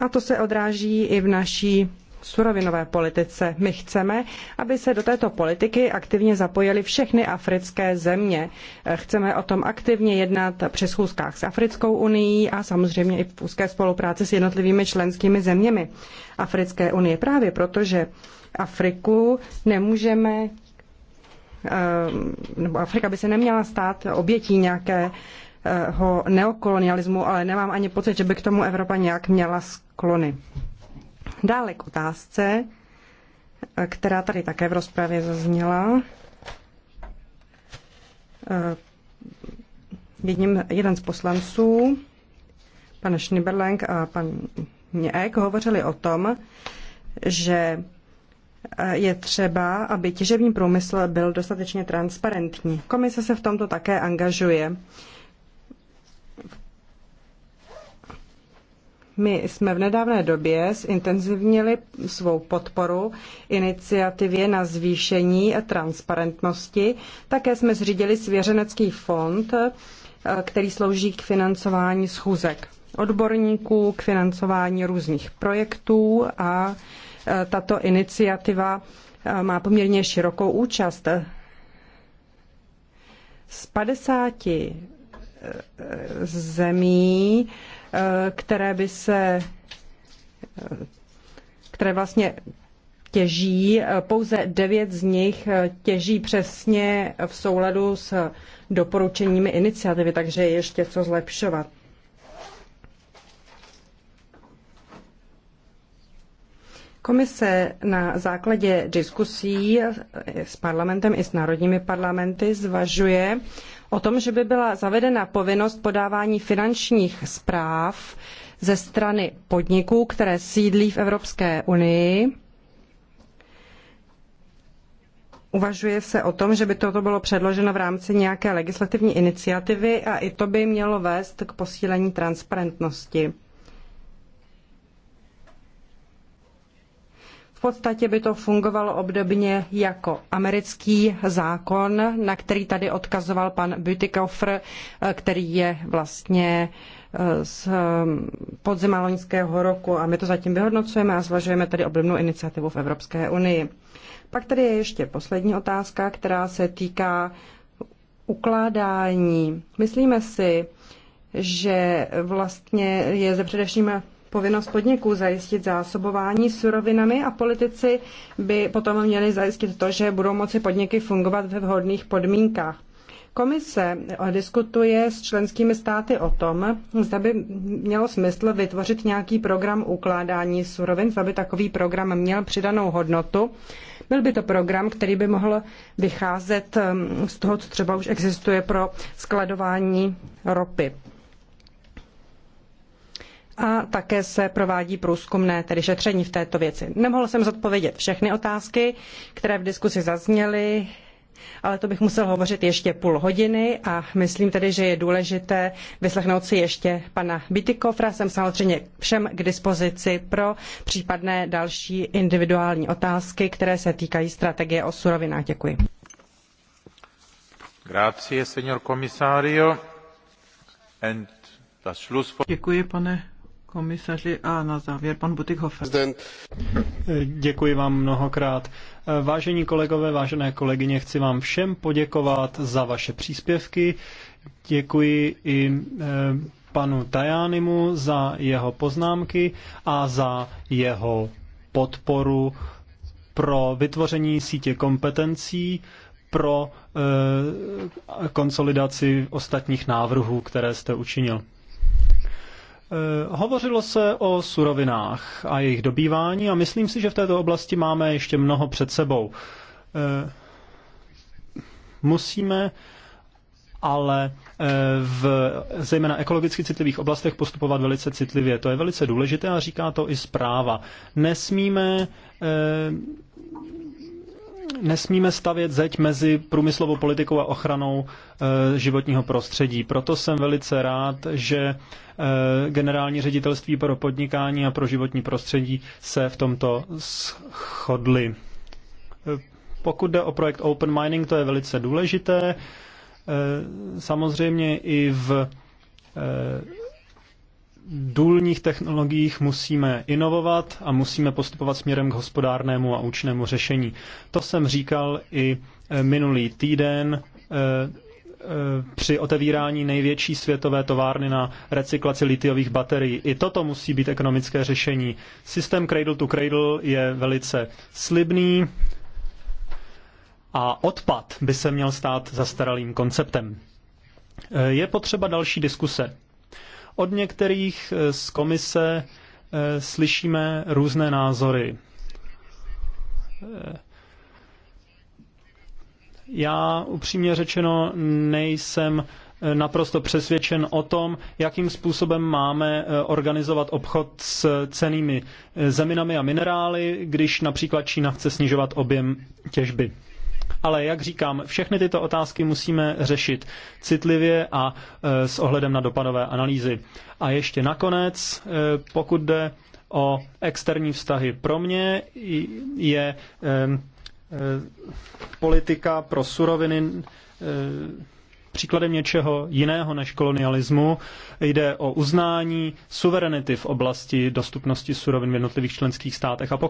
A to se odráží i v naší surovinové politice. My chceme, aby se do této politiky aktivně zapojily všechny africké země. Chceme o tom aktivně jednat při schůzkách s Africkou unii a samozřejmě i v úzké spolupráci s jednotlivými členskými zeměmi Africké unie. Právě protože Afriku nemůžeme eh, nebo Afrika by se neměla stát obětí nějakého neokolonialismu, ale nemám ani pocit, že by k tomu Evropa nějak měla sklony. Dále k otázce, která tady také v rozpravě zazněla. Eh, jedním, jeden z poslanců, pan Schniberlenk a pan Něk, hovořili o tom, že eh, je třeba, aby těžební průmysl byl dostatečně transparentní. Komise se v tomto také angažuje. My jsme v nedávné době zintenzivnili svou podporu iniciativě na zvýšení transparentnosti. Také jsme zřídili svěřenecký fond, eh, který slouží k financování schůzek odborníků, k financování různých projektů a eh, tato iniciativa eh, má poměrně širokou účast. Z 50 zemí Eh, které by se eh, které vlastně těží. Pouze devět z nich eh, těží přesně v souladu s doporučeními iniciativy, takže je ještě co zlepšovat. Komise na základě diskusí s parlamentem i s národními parlamenty zvažuje o tom, že by byla zavedena povinnost podávání finančních zpráv ze strany podniků, které sídlí v Evropské unii. Uvažuje se o tom, že by toto bylo předloženo v rámci nějaké legislativní iniciativy a i to by mělo vést k posílení transparentnosti. V podstatě by to fungovalo obdobně jako americký zákon, na který tady odkazoval pan Bütikofer, eh, který je vlastně eh, z hm, podzima loňského roku a my to zatím vyhodnocujeme a zvažujeme tady obdobnou iniciativu v Evropské unii. Pak tady je ještě poslední otázka, která se týká ukládání. Myslíme si, že vlastně je ze především povinnost podniků zajistit zásobování surovinami a politici by potom měli zajistit to, že budou moci podniky fungovat ve vhodných podmínkách. Komise diskutuje s členskými státy o tom, zda by mělo smysl vytvořit nějaký program ukládání surovin, zda by takový program měl přidanou hodnotu. Byl by to program, který by mohl vycházet um, z toho, co třeba už existuje pro skladování ropy a také se provádí průzkumné, tedy šetření v této věci. Nemohl jsem zodpovědět všechny otázky, které v diskusi zazněly, ale to bych musel hovořit ještě půl hodiny a myslím tedy, že je důležité vyslechnout si ještě pana Bitykofra. Jsem samozřejmě všem k dispozici pro případné další individuální otázky, které se týkají strategie o surovinách. Děkuji. Grazie, And... Děkuji, pane komisaři a na závěr pan Butikhofer. Děkuji vám mnohokrát. Vážení kolegové, vážené kolegyně, chci vám všem poděkovat za vaše příspěvky. Děkuji i e, panu Tajánimu za jeho poznámky a za jeho podporu pro vytvoření sítě kompetencí, pro e, konsolidaci ostatních návrhů, které jste učinil. Eh, hovořilo se o surovinách a jejich dobývání a myslím si, že v této oblasti máme ještě mnoho před sebou. Eh, musíme ale eh, v zejména ekologicky citlivých oblastech postupovat velice citlivě. To je velice důležité a říká to i zpráva. Nesmíme nesmíme stavět zeď mezi průmyslovou politikou a ochranou e, životního prostředí. Proto jsem velice rád, že e, generální ředitelství pro podnikání a pro životní prostředí se v tomto shodli. E, pokud jde o projekt Open Mining, to je velice důležité. samozřejmě i v důlních technologiích musíme inovovat a musíme postupovat směrem k hospodárnému a účinnému řešení. To jsem říkal i e, minulý týden e, e, při otevírání největší světové továrny na recyklaci litiových baterií. I toto musí být ekonomické řešení. Systém Cradle to Cradle je velice slibný a odpad by se měl stát zastaralým konceptem. Je potřeba další diskuse. Od některých eh, z komise eh, slyšíme různé názory. Eh, já upřímně řečeno nejsem naprosto přesvědčen o tom, jakým způsobem máme organizovat obchod s cenými zeminami a minerály, když například Čína chce snižovat objem těžby. Ale jak říkám, všechny tyto otázky musíme řešit citlivě a e, s ohledem na dopadové analýzy. A ještě nakonec, e, pokud jde o externí vztahy, pro mě je e, politika pro suroviny příkladem něčeho jiného než kolonialismu. Jde o uznání suverenity v oblasti dostupnosti surovin v jednotlivých členských státech. A